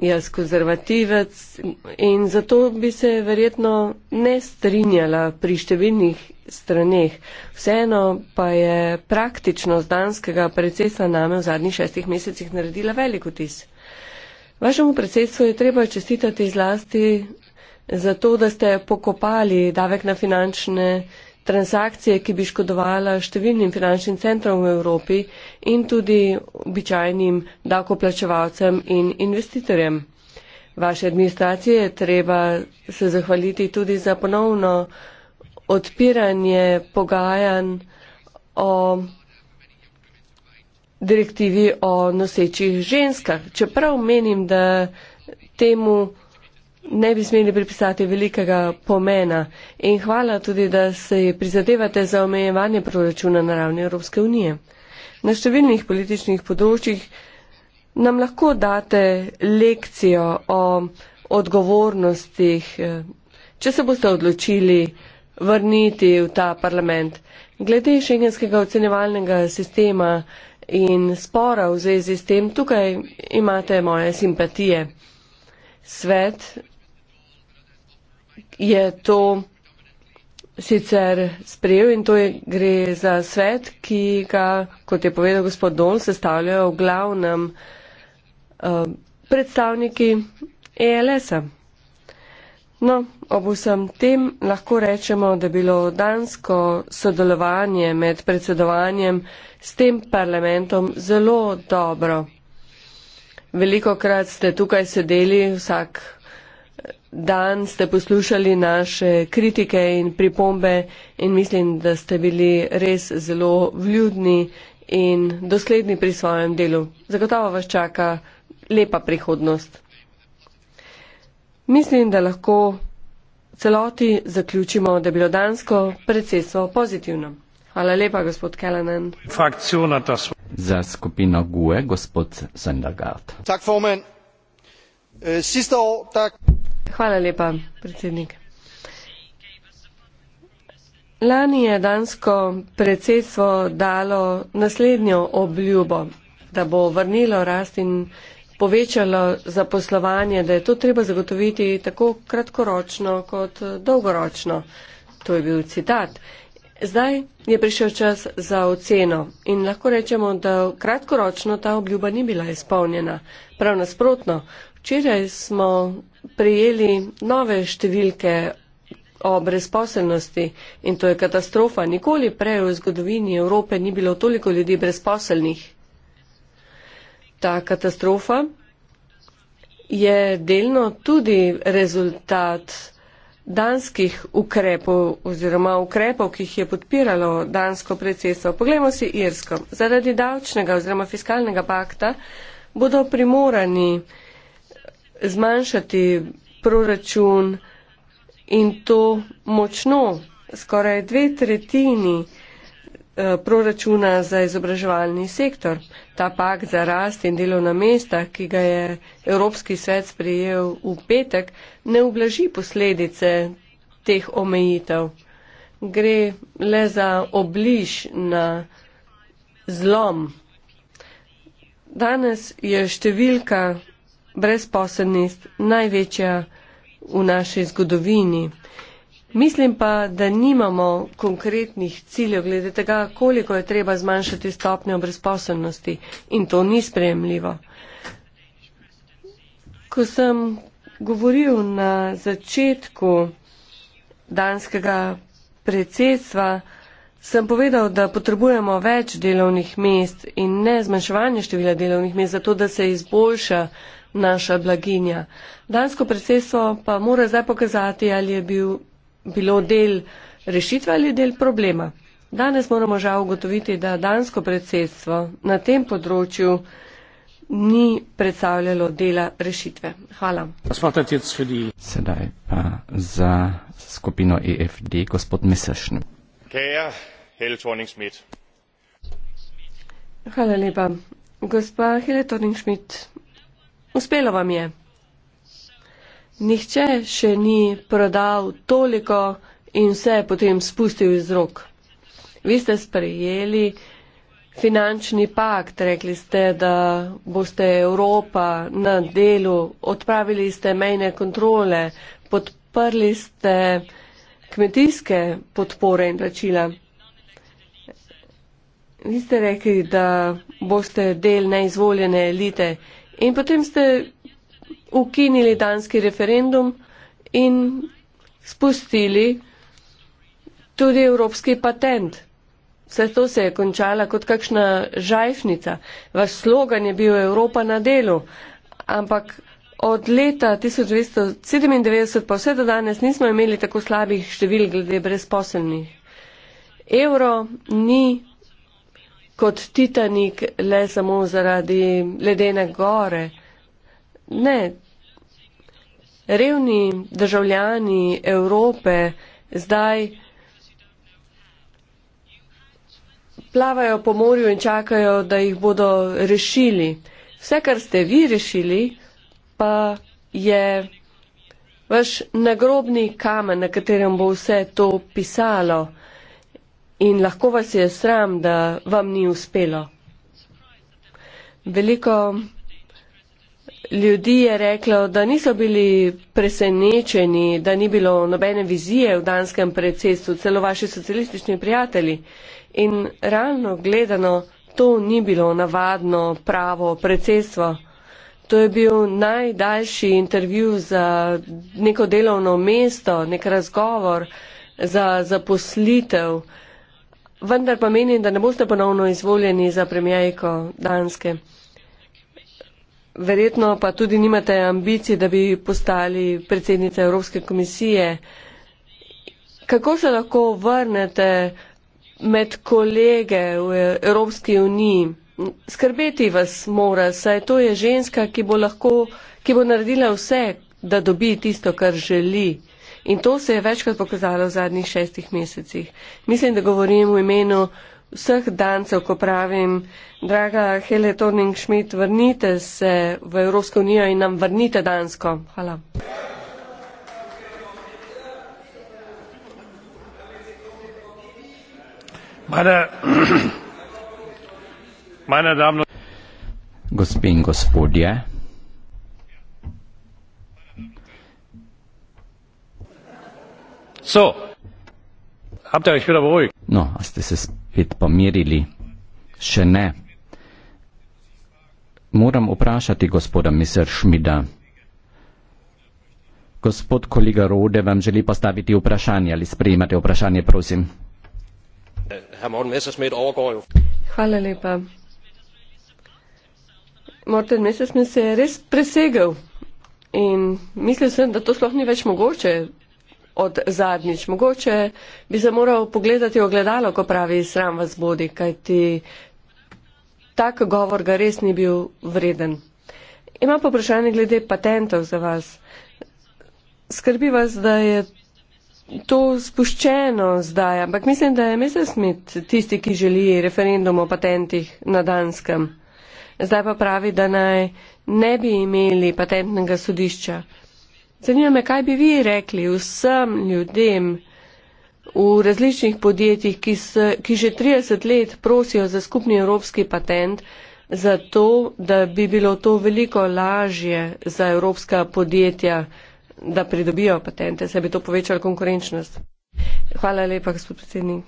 jaz konzervativec in zato bi se verjetno ne strinjala pri številnih straneh. Vseeno pa je praktično z danskega predsedstva name v zadnjih šestih mesecih naredila velik vtis. Vašemu predsedstvu je treba čestitati zlasti zato, da ste pokopali davek na finančne transakcije, ki bi škodovala številnim finančnim centrom v Evropi in tudi običajnim davkoplačevalcem in investitorjem. Vaše administracije treba se zahvaliti tudi za ponovno odpiranje pogajanj o direktivi o nosečih ženskah. Čeprav menim, da temu ne bi smeli pripisati velikega pomena. In hvala tudi, da se prizadevate za omejevanje proračuna na ravni Evropske unije. Na številnih političnih področjih nam lahko date lekcijo o odgovornostih, eh, če se boste odločili vrniti v ta parlament. Glede šengenskega ocenevalnega sistema in spora v zvezi s tem, tukaj imate moje simpatije. Svet je to sicer sprejel in to je, gre za svet, ki ga, kot je povedal gospod Don, sestavljajo v glavnem um, predstavniki ELS-a. No, ob vsem tem lahko rečemo, da je bilo dansko sodelovanje med predsedovanjem s tem parlamentom zelo dobro. Veliko krat ste tukaj sedeli, vsak dan ste poslušali naše kritike in pripombe in mislim, da ste bili res zelo vljudni in dosledni pri svojem delu. Zagotovo vas čaka lepa prihodnost. Mislim, da lahko celoti zaključimo, da je bilo dansko predsedstvo pozitivno. Hvala lepa, gospod Kellenen. Za skupino GUE, gospod Sendergaard. Tak, formen. Eh, lani je dansko predsedstvo dalo naslednjo obljubo da bo vrnilo rast in povečalo zaposlovanje da je to treba zagotoviti tako kratkoročno kot dolgoročno to je bil citat zdaj je prišel čas za oceno in lahko rečemo da kratkoročno ta obljuba ni bila izpolnjena prav nasprotno Včeraj smo prejeli nove številke o brezposelnosti in to je katastrofa. Nikoli prej v zgodovini Evrope ni bilo toliko ljudi brezposelnih. Ta katastrofa je delno tudi rezultat danskih ukrepov oziroma ukrepov, ki jih je podpiralo dansko predsedstvo. Poglejmo si Irsko. Zaradi davčnega oziroma fiskalnega pakta bodo primorani zmanjšati proračun in to močno, skoraj dve tretjini eh, proračuna za izobraževalni sektor. Ta pak za rast in delovna mesta, ki ga je Evropski svet sprejel v petek, ne ublaži posledice teh omejitev. Gre le za obliž na zlom. Danes je številka brezposobnost največja v naši zgodovini. Mislim pa, da nimamo konkretnih ciljev glede tega, koliko je treba zmanjšati stopnjo brezposobnosti in to ni sprejemljivo. Ko sem govoril na začetku danskega predsedstva, sem povedal, da potrebujemo več delovnih mest in ne zmanjševanje števila delovnih mest, zato da se izboljša naša blaginja. Dansko predsedstvo pa mora zdaj pokazati, ali je bil, bilo del rešitve ali del problema. Danes moramo žal ugotoviti, da dansko predsedstvo na tem področju ni predstavljalo dela rešitve. Hvala. Sedaj pa za skupino EFD, gospod Mesešn. Hvala lepa. Gospa Hele Torning-Schmidt, Uspelo vam je. Nihče še ni prodal toliko in vse je potem spustil iz rok. Vi ste sprejeli finančni pakt, rekli ste, da boste Evropa na delu, odpravili ste mejne kontrole, podprli ste kmetijske podpore in plačila. Vi ste rekli, da boste del neizvoljene elite. In potem ste ukinili danski referendum in spustili tudi evropski patent. Vse to se je končala kot kakšna žajfnica. Vaš slogan je bil Evropa na delu, ampak od leta 1997 pa vse do danes nismo imeli tako slabih števil glede brezposelnih. Evro ni kot Titanik le samo zaradi ledene gore. Ne, revni državljani Evrope zdaj plavajo po morju in čakajo, da jih bodo rešili. Vse, kar ste vi rešili, pa je vaš nagrobni kamen, na katerem bo vse to pisalo in lahko vas je sram, da vam ni uspelo. Veliko ljudi je reklo, da niso bili presenečeni, da ni bilo nobene vizije v danskem predsedstvu, celo vaši socialistični prijatelji. In realno gledano, to ni bilo navadno pravo predsedstvo. To je bil najdaljši intervju za neko delovno mesto, nek razgovor za zaposlitev vendar pa menim, da ne boste ponovno izvoljeni za premijajko Danske. Verjetno pa tudi nimate ambicij, da bi postali predsednica Evropske komisije. Kako se lahko vrnete med kolege v Evropski uniji? Skrbeti vas mora, saj to je ženska, ki bo, lahko, ki bo naredila vse, da dobi tisto, kar želi. In to se je večkrat pokazalo v zadnjih šestih mesecih. Mislim, da govorim v imenu vseh dancev, ko pravim, draga Hele Toning Schmidt, vrnite se v Evropsko unijo in nam vrnite Dansko. Hvala. Mane, mane damno. Gospe in gospodje. So, habt ihr euch wieder beruhigt? No, ste se spet pomirili? Še ne. Moram vprašati gospoda Miser Šmida. Gospod kolega Rode vam želi postaviti vprašanje ali sprejmate vprašanje, prosim. Hvala lepa. Morten Messerschmidt se je res presegel in mislil sem, da to sploh ni več mogoče, od zadnjič. Mogoče bi se moral pogledati ogledalo, ko pravi sram vas bodi, kajti tak govor ga res ni bil vreden. Imam pa vprašanje glede patentov za vas. Skrbi vas, da je to spuščeno zdaj, ampak mislim, da je Mr. Smith tisti, ki želi referendum o patentih na Danskem. Zdaj pa pravi, da naj ne bi imeli patentnega sodišča. Zanima me, kaj bi vi rekli vsem ljudem v različnih podjetjih, ki, se, ki že 30 let prosijo za skupni evropski patent, zato da bi bilo to veliko lažje za evropska podjetja, da pridobijo patente, se bi to povečalo konkurenčnost. Hvala lepa, gospod predsednik.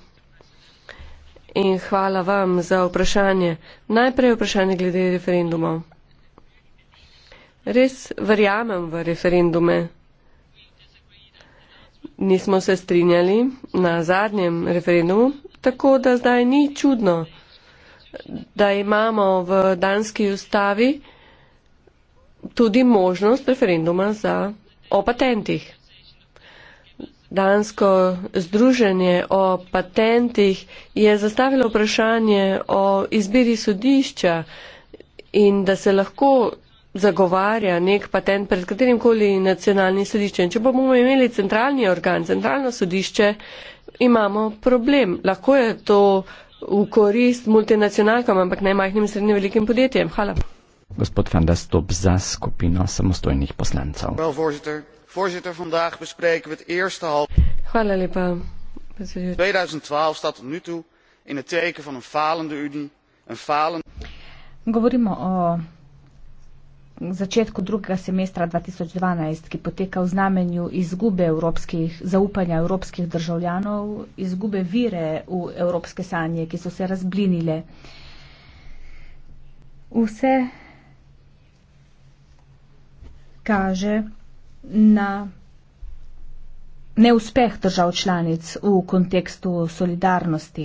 In hvala vam za vprašanje. Najprej vprašanje glede referendumov res verjamem v referendume. Nismo se strinjali na zadnjem referendumu, tako da zdaj ni čudno, da imamo v danski ustavi tudi možnost referenduma za, o patentih. Dansko združenje o patentih je zastavilo vprašanje o izbiri sodišča in da se lahko zagovarja nek patent pred katerim koli nacionalnim sodiščem. Če pa bomo imeli centralni organ, centralno sodišče, imamo problem. Lahko je to v korist multinacionalkam, ampak ne majhnim in srednjim velikim podjetjem. Hvala. Gospod Fanda, stop za skupino samostojnih poslancev. Hvala lepa. 2012 sta od nutu in je teke van falende unij. Falende... Govorimo o začetku drugega semestra 2012, ki poteka v znamenju izgube evropskih, zaupanja evropskih državljanov, izgube vire v evropske sanje, ki so se razblinile. Vse kaže na Neuspeh držav članic v kontekstu solidarnosti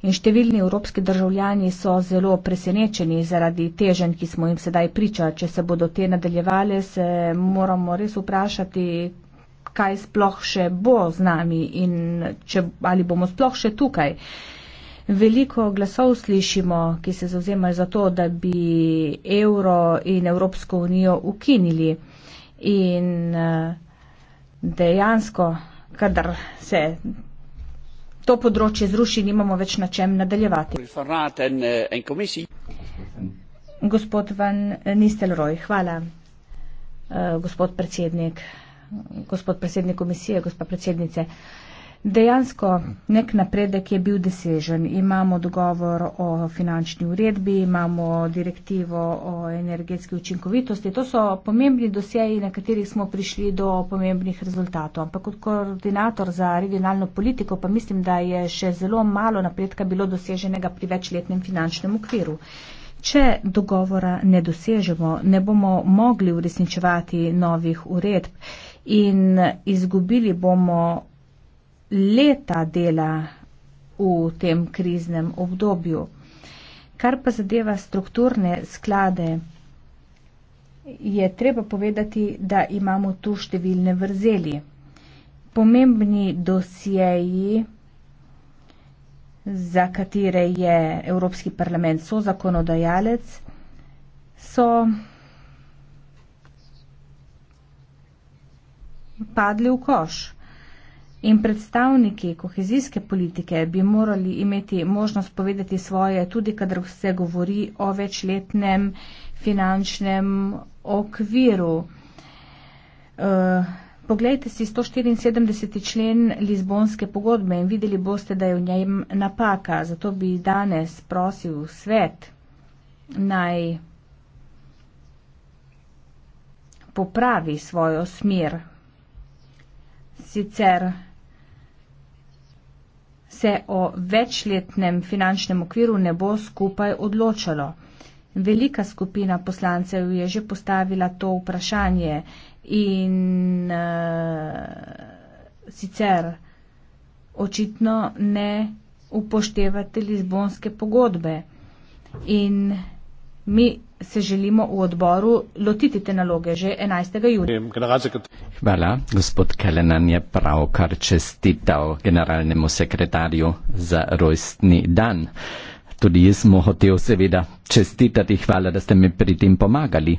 in številni evropski državljani so zelo presenečeni zaradi težen, ki smo jim sedaj priča. Če se bodo te nadaljevale, se moramo res vprašati, kaj sploh še bo z nami in če, ali bomo sploh še tukaj. Veliko glasov slišimo, ki se zauzemajo za to, da bi evro in Evropsko unijo ukinili. In, eh, Dejansko kadar se to področje zruši, nimamo več na čem nadaljevati. Gospod Van Nistelrooy, hvala. Uh, gospod predsednik, gospod predsednik komisije, gospa predsednice. Uh, Dejansko nek napredek je bil dosežen. Imamo dogovor o finančni uredbi, imamo direktivo o energetski učinkovitosti. To so pomembni dosjeji, na katerih smo prišli do pomembnih rezultatov. Ampak kot koordinator za regionalno politiko pa mislim, da je še zelo malo napredka bilo doseženega pri večletnem finančnem okviru. Če dogovora ne dosežemo, ne bomo mogli uresničevati novih uredb in izgubili bomo leta dela v tem kriznem obdobju. Kar pa zadeva strukturne sklade, je treba povedati, da imamo tu številne vrzeli. Pomembni dosjeji, za katere je Evropski parlament so zakonodajalec, so padli v koš. In predstavniki kohezijske politike bi morali imeti možnost povedati svoje, tudi kadar se govori o večletnem finančnem okviru. Eh, poglejte si 174. člen Lizbonske pogodbe in videli boste, da je v njej napaka. Zato bi danes prosil svet naj popravi svojo smer. Sicer se o večletnem finančnem okviru ne bo skupaj odločalo. Velika skupina poslancev je že postavila to vprašanje in uh, sicer očitno ne upoštevati Lizbonske pogodbe. In mi se želimo v odboru lotiti te naloge že 11. junija. Hvala. Gospod Kelenan je pravkar čestital generalnemu sekretarju za rojstni dan. Tudi jaz mu hotel seveda čestitati. Hvala, da ste mi pri tem pomagali.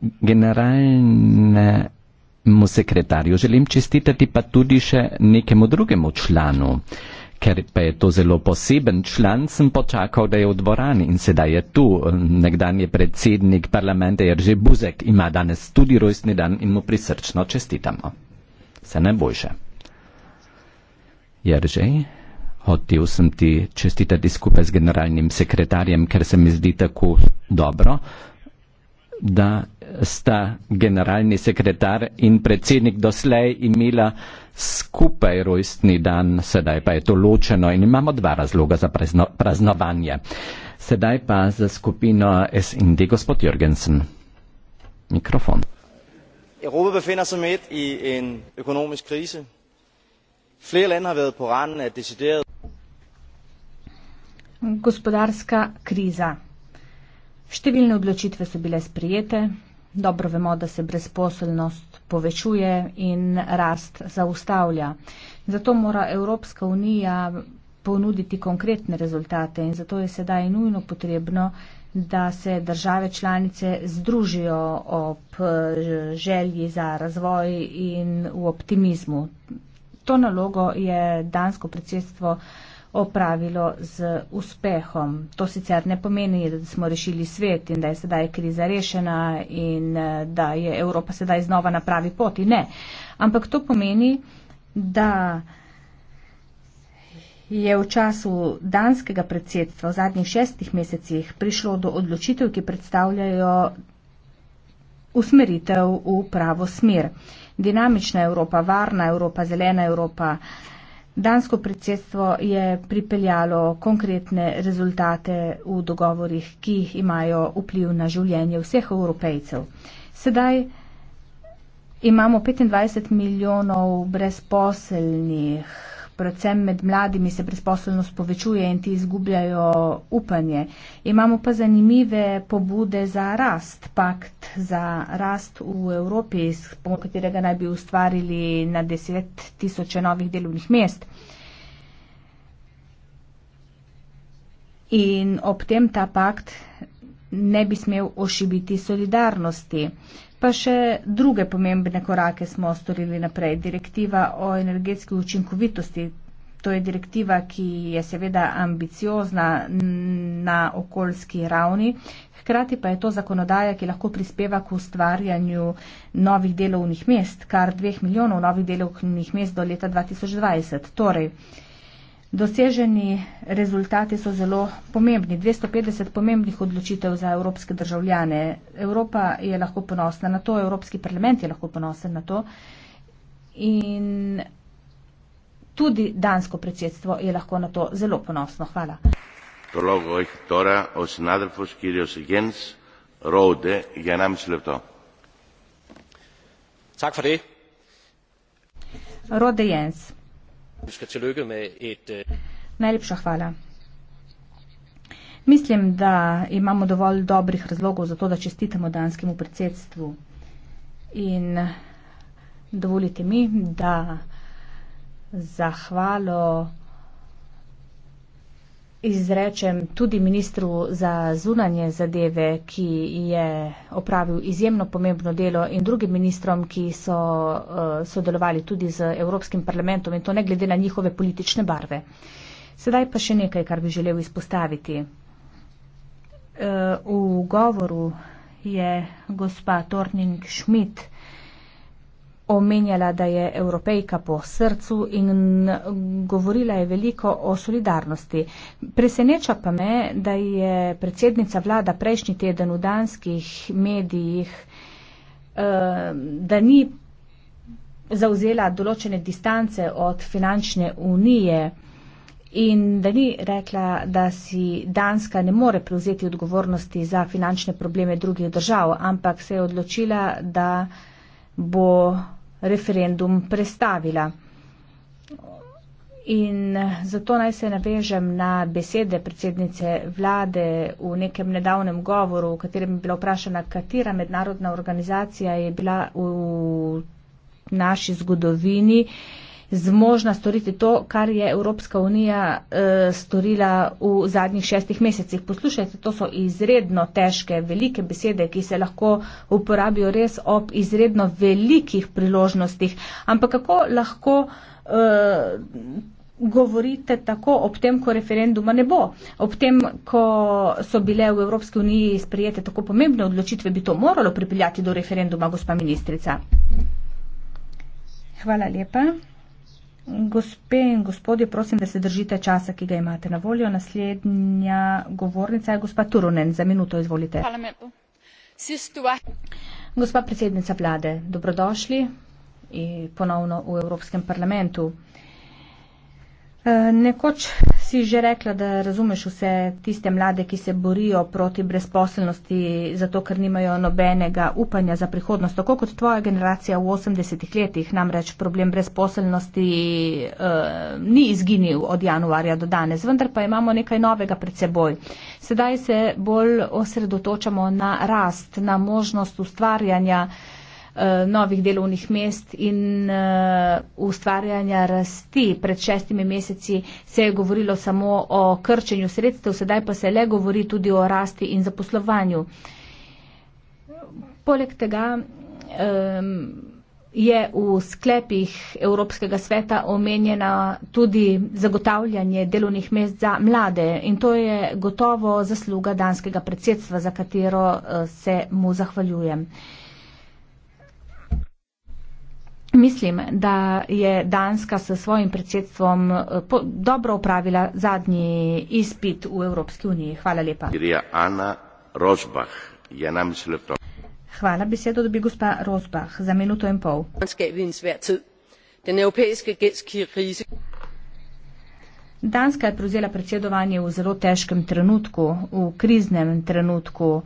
Generalnemu sekretarju želim čestitati pa tudi še nekemu drugemu članu ker pa je to zelo poseben član, sem počakal, da je v dvorani in sedaj je tu. Nekdanji predsednik parlamenta Jerže Buzek ima danes tudi rojstni dan in mu prisrčno čestitamo. Vse najboljše. Jerže, hotel sem ti čestitati skupaj z generalnim sekretarjem, ker se mi zdi tako dobro da sta generalni sekretar in predsednik doslej imela skupaj rojstni dan, sedaj pa je to ločeno in imamo dva razloga za prazno, praznovanje. Sedaj pa za skupino SND gospod Jorgensen. Mikrofon. Evropa befinder se med i en økonomisk krise. Flere lande har været på randen af decideret. Gospodarska kriza. Številne odločitve so bile sprijete, dobro vemo, da se brezposelnost povečuje in rast zaustavlja. Zato mora Evropska unija ponuditi konkretne rezultate in zato je sedaj nujno potrebno, da se države članice združijo ob eh, želji za razvoj in v optimizmu. To nalogo je dansko predsedstvo opravilo z uspehom. To sicer ne pomeni, da smo rešili svet in da je sedaj kriza rešena in eh, da je Evropa sedaj znova na pravi poti. Ne. Ampak to pomeni, da je v času danskega predsedstva v zadnjih šestih mesecih prišlo do odločitev, ki predstavljajo usmeritev v pravo smer. Dinamična Evropa, varna Evropa, zelena Evropa. Dansko predsedstvo je pripeljalo konkretne rezultate v dogovorih, ki jih imajo vpliv na življenje vseh evropejcev. Sedaj imamo 25 milijonov brezposelnih, predvsem med mladimi se brezposelnost povečuje in ti izgubljajo upanje. Imamo pa zanimive pobude za rast, pakt za rast v Evropi, s pomočjo katerega naj bi ustvarili na deset tisoče novih delovnih mest. In ob tem ta pakt ne bi smel ošibiti solidarnosti. Pa še druge pomembne korake smo storili naprej. Direktiva o energetski učinkovitosti. To je direktiva, ki je seveda ambiciozna na okoljski ravni, hkrati pa je to zakonodaja, ki lahko prispeva k ustvarjanju novih delovnih mest, kar dveh milijonov novih delovnih mest do leta 2020. Torej, Doseženi rezultati so zelo pomembni. 250 pomembnih odločitev za evropske državljane. Evropa je lahko ponosna na to, Evropski parlament je lahko ponosen na to. In tudi dansko predsedstvo je lahko na to zelo ponosno. Hvala. Rode Jens. Øh, Najlepša hvala. Mislim, da imamo dovolj dobrih razlogov za to, da čestitamo danskemu predsedstvu. In dovolite mi, da zahvalo izrečem tudi ministru za zunanje zadeve, ki je opravil izjemno pomembno delo in drugim ministrom, ki so eh, sodelovali tudi z Evropskim parlamentom in to ne glede na njihove politične barve. Sedaj pa še nekaj, kar bi želel izpostaviti. Eh, v govoru je gospa Torning Schmidt omenjala, da je evropejka po srcu in govorila je veliko o solidarnosti. Preseneča pa me, da je predsednica vlada prejšnji teden v danskih medijih, eh, da ni zauzela določene distance od finančne unije in da ni rekla, da si Danska ne more prevzeti odgovornosti za finančne probleme drugih držav, ampak se je odločila, da bo referendum prestavila. In zato naj se navežem na besede predsednice vlade v nekem nedavnem govoru, v katerem je bila vprašana, katera mednarodna organizacija je bila v naši zgodovini eh, zmožna storiti to, kar je Evropska unija uh, storila v zadnjih šestih mesecih. Poslušajte, to so izredno težke, velike besede, ki se lahko uporabijo res ob izredno velikih priložnostih. Ampak kako lahko. Uh, govorite tako ob tem, ko referenduma ne bo. Ob tem, ko so bile v Evropski uniji sprejete tako pomembne odločitve, bi to moralo pripeljati do referenduma, gospa ministrica. Hvala lepa. Gospe in gospodje, prosim, da se držite časa, ki ga imate na voljo. Naslednja govornica je gospa Turunen. Za minuto izvolite. Gospa predsednica vlade, dobrodošli ponovno v Evropskem parlamentu. Eh, nekoč si že rekla, da razumeš vse tiste mlade, ki se borijo proti brezposelnosti, zato ker nimajo nobenega upanja za prihodnost, tako kot tvoja generacija v 80-ih letih. Namreč problem brezposelnosti uh, ni izginil od januarja do danes, vendar pa imamo nekaj novega pred seboj. Sedaj se bolj osredotočamo na rast, na možnost ustvarjanja. Uh, Eh, novih delovnih mest in eh, ustvarjanja rasti. Pred šestimi meseci se je govorilo samo o krčenju sredstev, sedaj pa se le govori tudi o rasti in zaposlovanju. Poleg tega je v sklepih Evropskega sveta omenjena tudi zagotavljanje delovnih mest za mlade in to je gotovo zasluga danskega predsedstva, za katero eh, se mu zahvaljujem. Mislim, da je Danska s svojim predsedstvom eh, po, dobro upravila zadnji izpit v Evropski uniji. Hvala lepa. Hvala, besedo dobi gospa Rozbah za minuto in pol. Danska je prevzela predsedovanje v zelo težkem trenutku, v kriznem trenutku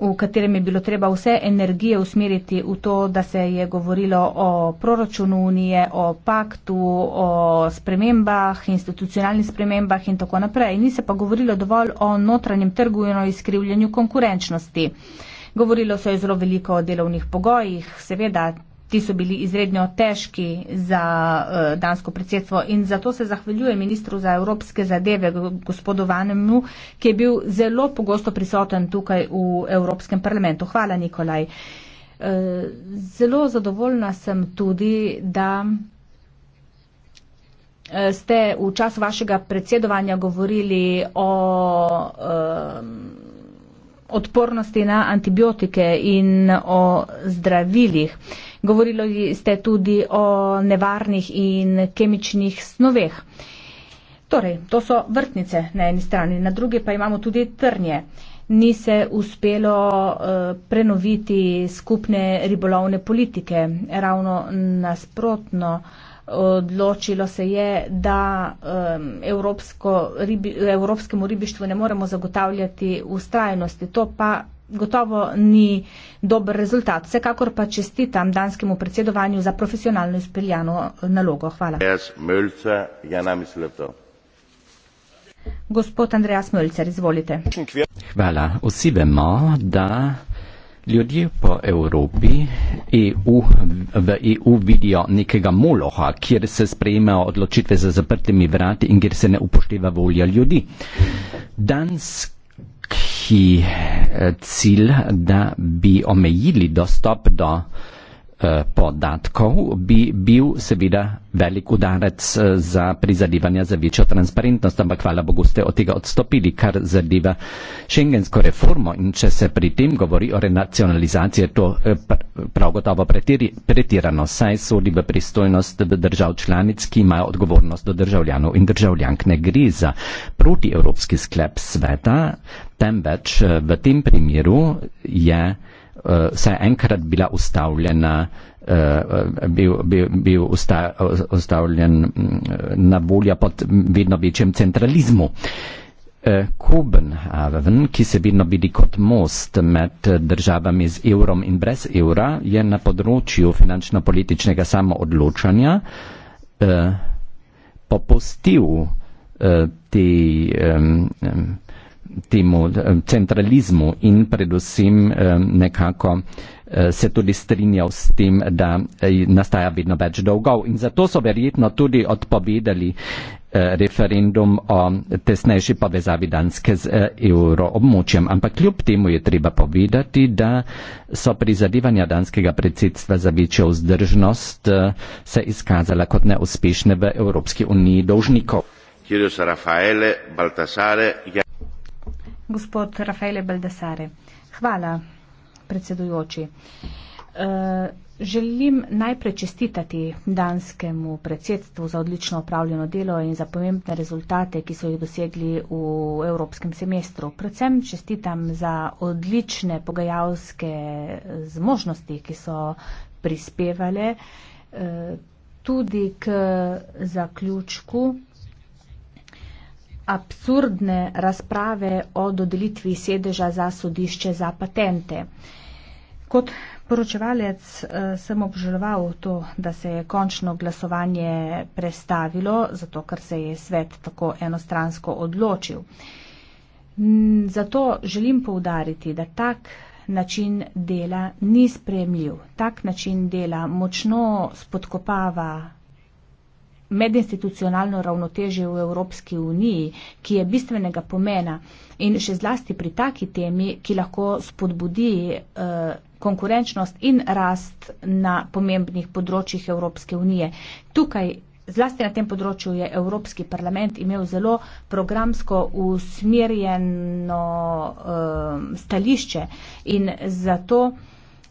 v katerem je bilo treba vse energije usmeriti v to, da se je govorilo o proračunu unije, o paktu, o spremembah, institucionalnih spremembah in tako naprej. Ni se pa govorilo dovolj o notranjem trgu in o izkrivljanju konkurenčnosti. Govorilo se je zelo veliko o delovnih pogojih, seveda Ti so bili izredno težki za eh, dansko predsedstvo in zato se zahvaljujem ministru za evropske zadeve, gospodu Vanemu, ki je bil zelo pogosto prisoten tukaj v Evropskem parlamentu. Hvala, Nikolaj. Eh, zelo zadovoljna sem tudi, da eh, ste v času vašega predsedovanja govorili o odpornosti na antibiotike in o zdravilih. Govorili ste tudi o nevarnih in kemičnih snoveh. Torej, to so vrtnice na eni strani, na druge pa imamo tudi trnje. Ni se uspelo eh, prenoviti skupne ribolovne politike, ravno nasprotno. Odločilo se je, da eh, ribi, evropskemu ribištvu ne moremo zagotavljati ustrajnosti. To pa gotovo ni dober rezultat. Vsekakor pa čestitam danskemu predsedovanju za profesionalno izpeljano nalogo. Hvala. Gospod Andreas Mölcer, izvolite. Hvala. Vsi vemo, da ljudje po Evropi EU, v EU vidijo nekega moloha, kjer se sprejemajo odločitve za zaprtimi vrati in kjer se ne upošteva volja ljudi. Danska neki eh, cilj, da bi omejili dostop do eh, podatkov, bi bil seveda velik udarec eh, za prizadevanja za večjo transparentnost, ampak hvala Bogu ste od tega odstopili, kar zadeva šengensko reformo in če se pri tem govori o renacionalizaciji, to prav gotovo pretirano, saj sodi v pristojnost držav članic, ki imajo odgovornost do državljanov in državljank ne gre za protievropski sklep sveta, temveč eh, v tem primeru je eh, vse enkrat bila ustavljena, eh, bil, bil, bil usta, ustavljen mm, na volja pod vedno večjem centralizmu. Kopenhagen, ki se vedno vidi kot most med državami z evrom in brez evra, je na področju finančno-političnega samoodločanja popustil te um, temu eh, centralizmu in predvsem eh, nekako eh, se tudi strinjal s tem, da nastaja vedno več dolgov. In zato so verjetno tudi odpovedali referendum o tesnejši povezavi Danske z euroobmočjem. Ampak kljub temu je treba povedati, da so prizadevanja danskega predsedstva za večjo vzdržnost se izkazala kot neuspešne v Evropski uniji dolžnikov. Gospod Rafaele Baldasare, hvala, predsedujoči. E, želim najprej čestitati danskemu predsedstvu za odlično upravljeno delo in za pomembne rezultate, ki so jih dosegli v evropskem semestru. Predvsem čestitam za odlične pogajalske eh, zmožnosti, ki so prispevale e, tudi k zaključku absurdne razprave o dodelitvi sedeža za sodišče za patente. Kot poročevalec eh, sem obžaloval to, da se je končno glasovanje prestavilo, zato ker se je svet tako enostransko odločil. Zato želim poudariti, da tak način dela ni spremljiv. Tak način dela močno spodkopava medinstitucionalno ravnotežje v Evropski uniji, ki je bistvenega pomena in še zlasti pri taki temi, ki lahko spodbudi eh, konkurenčnost in rast na pomembnih področjih Evropske unije. Tukaj Zlasti na tem področju je Evropski parlament imel zelo programsko usmerjeno um, stališče in zato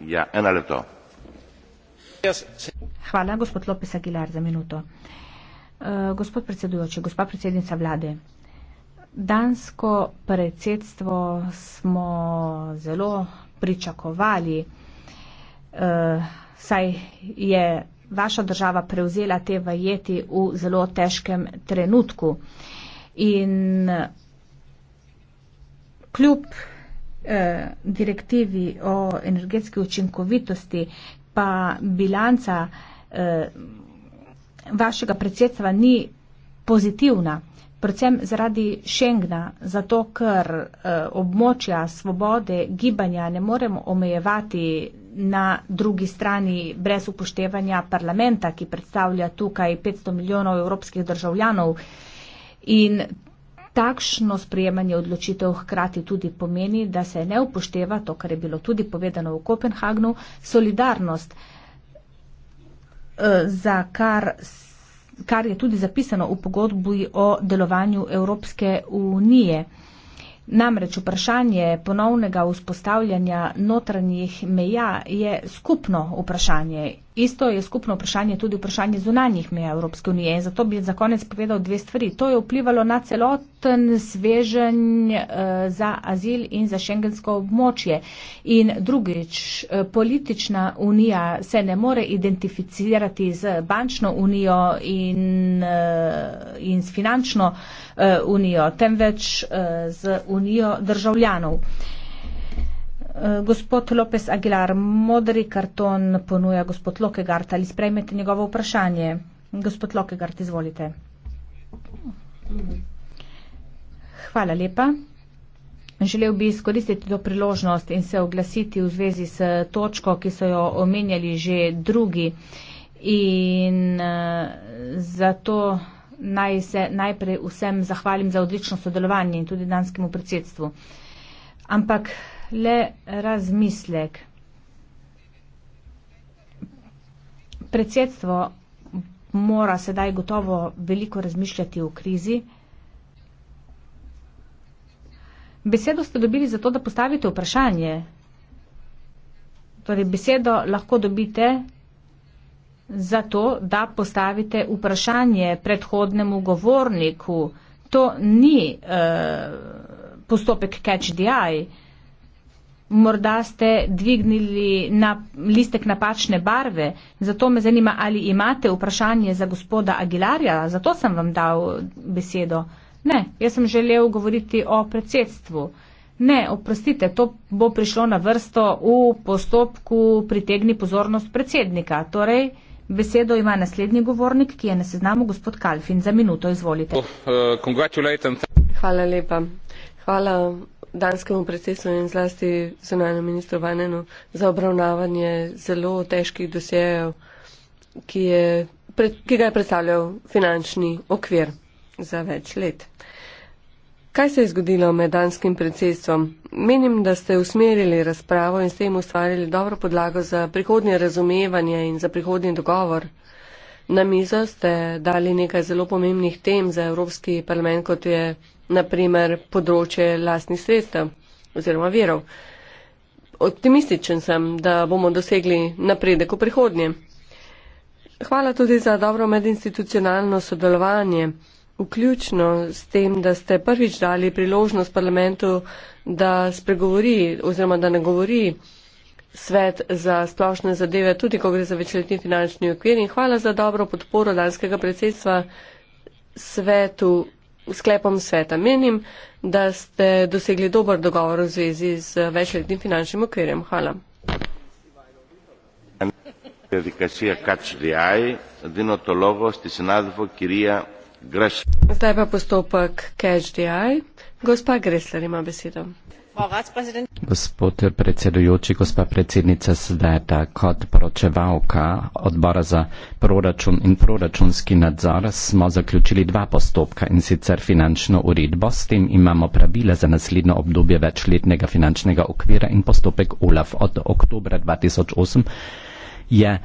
Ja, ena leto. Hvala, gospod Lopes Aguilar, za minuto. Uh, gospod predsedujoči, gospa predsednica vlade, dansko predsedstvo smo zelo pričakovali, uh, saj je vaša država prevzela te vajeti v zelo težkem trenutku. In kljub Eh, direktivi o energetski učinkovitosti, pa bilanca eh, vašega predsedstva ni pozitivna, predvsem zaradi Schengna, zato ker eh, območja svobode gibanja ne moremo omejevati na drugi strani brez upoštevanja parlamenta, ki predstavlja tukaj 500 milijonov evropskih državljanov. In takšno sprejemanje odločitev hkrati tudi pomeni, da se ne upošteva to, kar je bilo tudi povedano v Kopenhagnu, solidarnost, eh, za kar, kar je tudi zapisano v pogodbi o delovanju Evropske unije. Namreč vprašanje ponovnega vzpostavljanja notranjih meja je skupno vprašanje. Isto je skupno vprašanje tudi vprašanje zunanjih meja Evropske unije. In zato bi za konec povedal dve stvari. To je vplivalo na celoten svežen eh, za azil in za šengensko območje. In drugič, eh, politična unija se ne more identificirati z bančno unijo in, eh, in s finančno unijo. Eh, unijo, temveč eh, z unijo državljanov. Eh, gospod Lopes Aguilar, modri karton ponuja gospod Lokegart, ali sprejmete njegovo vprašanje? Gospod Lokegart, izvolite. Hvala lepa. Želel bi izkoristiti to priložnost in se oglasiti v zvezi s točko, ki so jo omenjali že drugi. In zato naj se najprej vsem zahvalim za odlično sodelovanje in tudi danskemu predsedstvu. Ampak le razmislek. Predsedstvo mora sedaj gotovo veliko razmišljati o krizi. Besedo ste dobili zato, da postavite vprašanje. Torej, besedo lahko dobite, zato, da postavite vprašanje predhodnemu govorniku. To ni eh, postopek catch the eye. Morda ste dvignili na listek napačne barve, zato me zanima, ali imate vprašanje za gospoda Aguilarja, zato sem vam dal besedo. Ne, jaz sem želel govoriti o predsedstvu. Ne, oprostite, to bo prišlo na vrsto v postopku pritegni pozornost predsednika. Torej, eh, Besedo ima naslednji govornik, ki je na seznamu gospod Kalfin. Za minuto izvolite. Oh, uh, Hvala lepa. Hvala danskemu predsedstvu in zlasti zunanjemu ministru Vanenu za obravnavanje zelo težkih dosejev, ki, ki ga je predstavljal finančni okvir za več let. Kaj se je zgodilo med danskim predsedstvom? Menim, da ste usmerili razpravo in s tem ustvarili dobro podlago za prihodnje razumevanje in za prihodnji dogovor. Na mizo ste dali nekaj zelo pomembnih tem za Evropski parlament, kot je naprimer področje lastnih sredstev oziroma verov. Optimističen sem, da bomo dosegli napredek v prihodnje. Hvala tudi za dobro medinstitucionalno sodelovanje vključno s tem, da ste prvič dali priložnost parlamentu, da spregovori oziroma da ne govori svet za splošne zadeve, tudi ko gre za večletni finančni okvir. In hvala za dobro podporo danskega predsedstva svetu, sklepom sveta. Menim, da ste dosegli dober dogovor v zvezi z večletnim finančnim okvirjem. Hvala. La dedicacia Catch the Eye, δίνω το λόγο στη συνάδελφο κυρία Greš. Zdaj pa postopek CashDI. Gospa Gresler ima besedo. Gospod predsedujoči, gospa predsednica, sedaj ta kot poročevalka odbora za proračun in proračunski nadzor smo zaključili dva postopka in sicer finančno uredbo, s tem imamo pravila za naslednjo obdobje večletnega finančnega okvira in postopek OLAF od oktobra 2008 je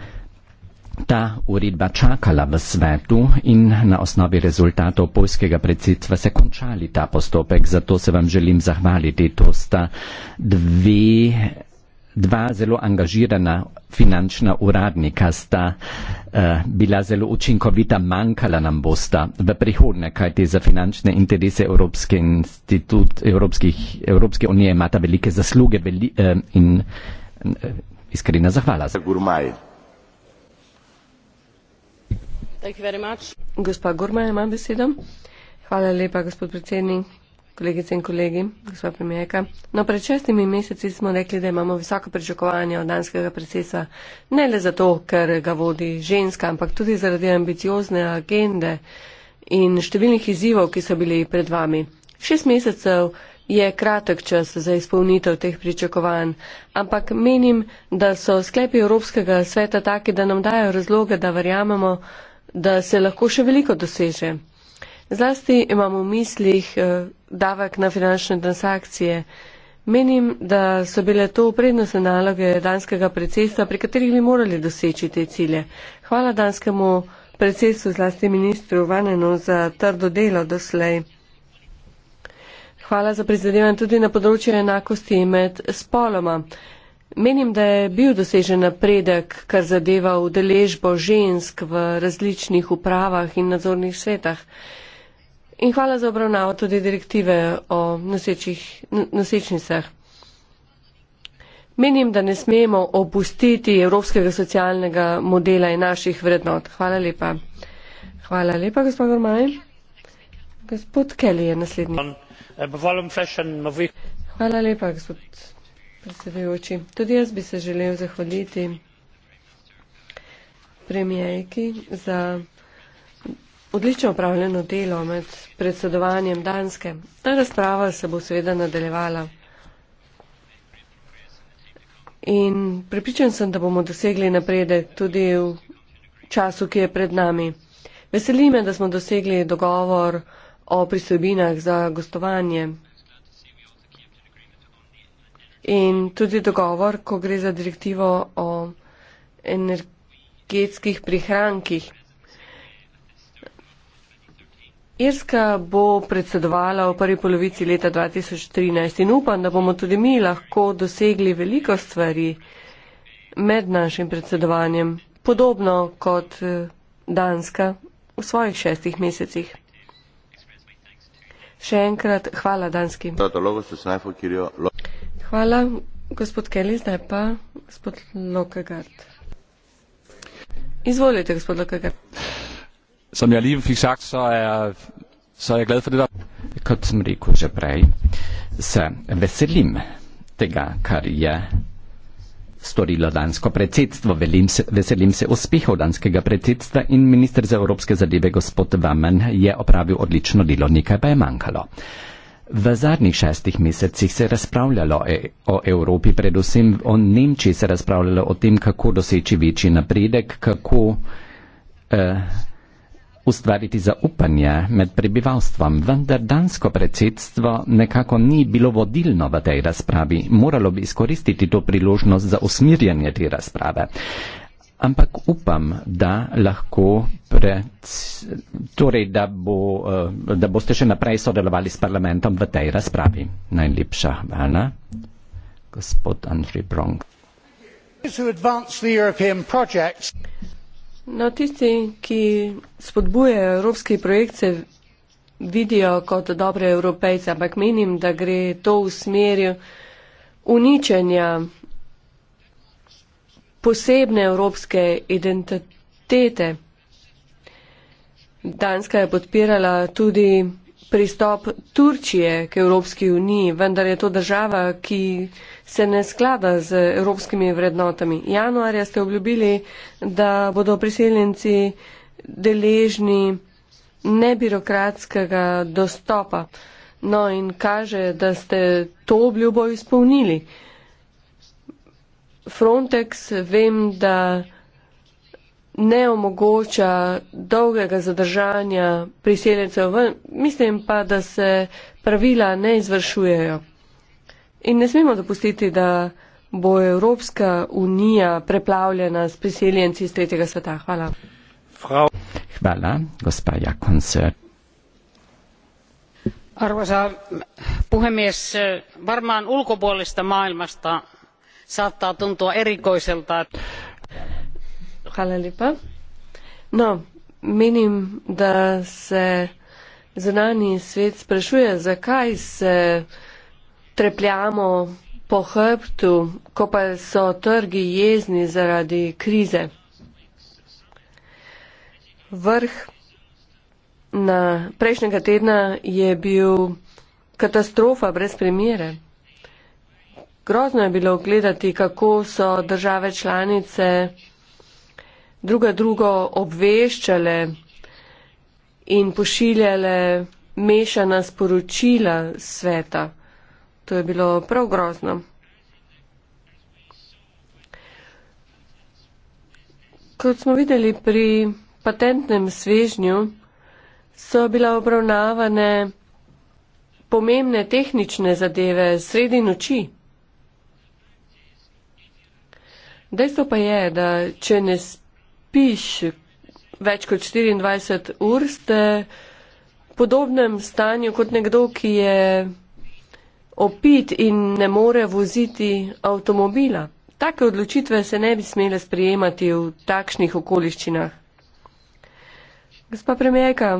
Ta uredba čakala v svetu in na osnovi rezultatov polskega predsedstva se končali ta postopek, zato se vam želim zahvaliti. To sta dve, dva zelo angažirana finančna uradnika, sta uh, bila zelo učinkovita, manjkala nam bosta v prihodnje, kajti za finančne interese Evropske, institut, Evropske unije imata velike zasluge veli, uh, in uh, iskrena zahvala. Gurmaj. Gospa Gorma ima besedo. Hvala lepa, gospod predsednik, kolegice in kolegi, gospa premijeka. No, pred šestimi meseci smo rekli, da imamo visoko pričakovanje od danskega predsedstva. Ne le zato, ker ga vodi ženska, ampak tudi zaradi ambiciozne agende in številnih izzivov, ki so bili pred vami. Šest mesecev je kratek čas za izpolnitev teh pričakovanj, ampak menim, da so sklepi Evropskega sveta taki, da nam dajo razloge, da verjamemo, da se lahko še veliko doseže. Zlasti imamo v mislih eh, davek na finančne transakcije. Menim, da so bile to prednostne naloge danskega predsedstva, pri katerih bi morali doseči te cilje. Hvala danskemu predsedstvu, zlasti ministru Vanenu, za trdo delo doslej. Hvala za prizadevanje tudi na področju enakosti med spoloma. Menim, da je bil dosežen napredek, kar zadeva udeležbo žensk v različnih upravah in nadzornih svetah. In hvala za obravnavo tudi direktive o nosečnicah. Menim, da ne smemo opustiti evropskega socialnega modela in naših vrednot. Hvala lepa. Hvala lepa, gospod Gormaj. Gospod Kelly je naslednji. Hvala lepa, gospod predsedujoči. Tudi jaz bi se želel zahvaliti premijejki za odlično upravljeno delo med predsedovanjem Danske. Ta razprava se bo seveda nadaljevala. In pripričan sem, da bomo dosegli naprede tudi v času, ki je pred nami. Veseli me, da smo dosegli dogovor o pristojbinah za gostovanje In tudi dogovor, ko gre za direktivo o energetskih prihrankih. Irska bo predsedovala v prvi polovici leta 2013 in upam, da bomo tudi mi lahko dosegli veliko stvari med našim predsedovanjem, podobno kot eh, Danska v svojih šestih mesecih. Še enkrat hvala Danski. Hvala, gospod Kelly, zdaj pa gospod Lokegard. Izvolite, gospod Lokegard. Sem jaz lep fiksak, so er, er je, so je gledal fredo. Kot sem rekel že prej, se veselim tega, kar je storilo dansko predsedstvo. Veselim se, veselim se uspehov danskega predsedstva in minister za evropske zadeve gospod Vamen je opravil odlično delo, nekaj pa je manjkalo. V zadnjih šestih mesecih se je razpravljalo e, o Evropi, predvsem o Nemčiji se je razpravljalo o tem, kako doseči večji napredek, kako eh, ustvariti zaupanje med prebivalstvom. Vendar dansko predsedstvo nekako ni bilo vodilno v tej razpravi. Moralo bi izkoristiti to priložnost za usmirjanje te razprave ampak upam, da lahko pred, torej, da, bo, eh, da boste še naprej sodelovali s parlamentom v tej razpravi. Najlepša hvala, gospod Andrej Bronk. No, tisti, ki spodbuje evropske projekte, vidijo kot dobre evropejce, ampak menim, da gre to v smeri uničenja posebne evropske identitete. Danska je podpirala tudi pristop Turčije k Evropski uniji, vendar je to država, ki se ne sklada z evropskimi vrednotami. Januarja ste obljubili, da bodo priseljenci deležni nebirokratskega dostopa. No in kaže, da ste to obljubo izpolnili. Frontex vem, da ne omogoča dolgega zadržanja priseljencev, mislim pa, da se pravila ne izvršujejo. In ne smemo dopustiti, da bo Evropska unija preplavljena s priseljenci iz tretjega sveta. Hvala. Frau. Hvala, gospa Jakonce. Arvoisa puhemies, varmaan ulkopuolista maailmasta saattaa tuntua erikoiselta. Hvala No, menim, da se zunani svet sprašuje, zakaj se trepljamo po hrbtu, ko pa so trgi jezni zaradi krize. Vrh na prejšnjega tedna je bil katastrofa brez primere. Grozno je bilo gledati, kako so države članice druga drugo obveščale in pošiljale mešana sporočila sveta. To je bilo prav grozno. Kot smo videli pri patentnem svežnju, so bila obravnavane pomembne tehnične zadeve sredi noči. Dejstvo pa je, da če ne spiš več kot 24 ur, ste v podobnem stanju kot nekdo, ki je opit in ne more voziti avtomobila. Take odločitve se ne bi smele sprejemati v takšnih okoliščinah. Gospa premijerka,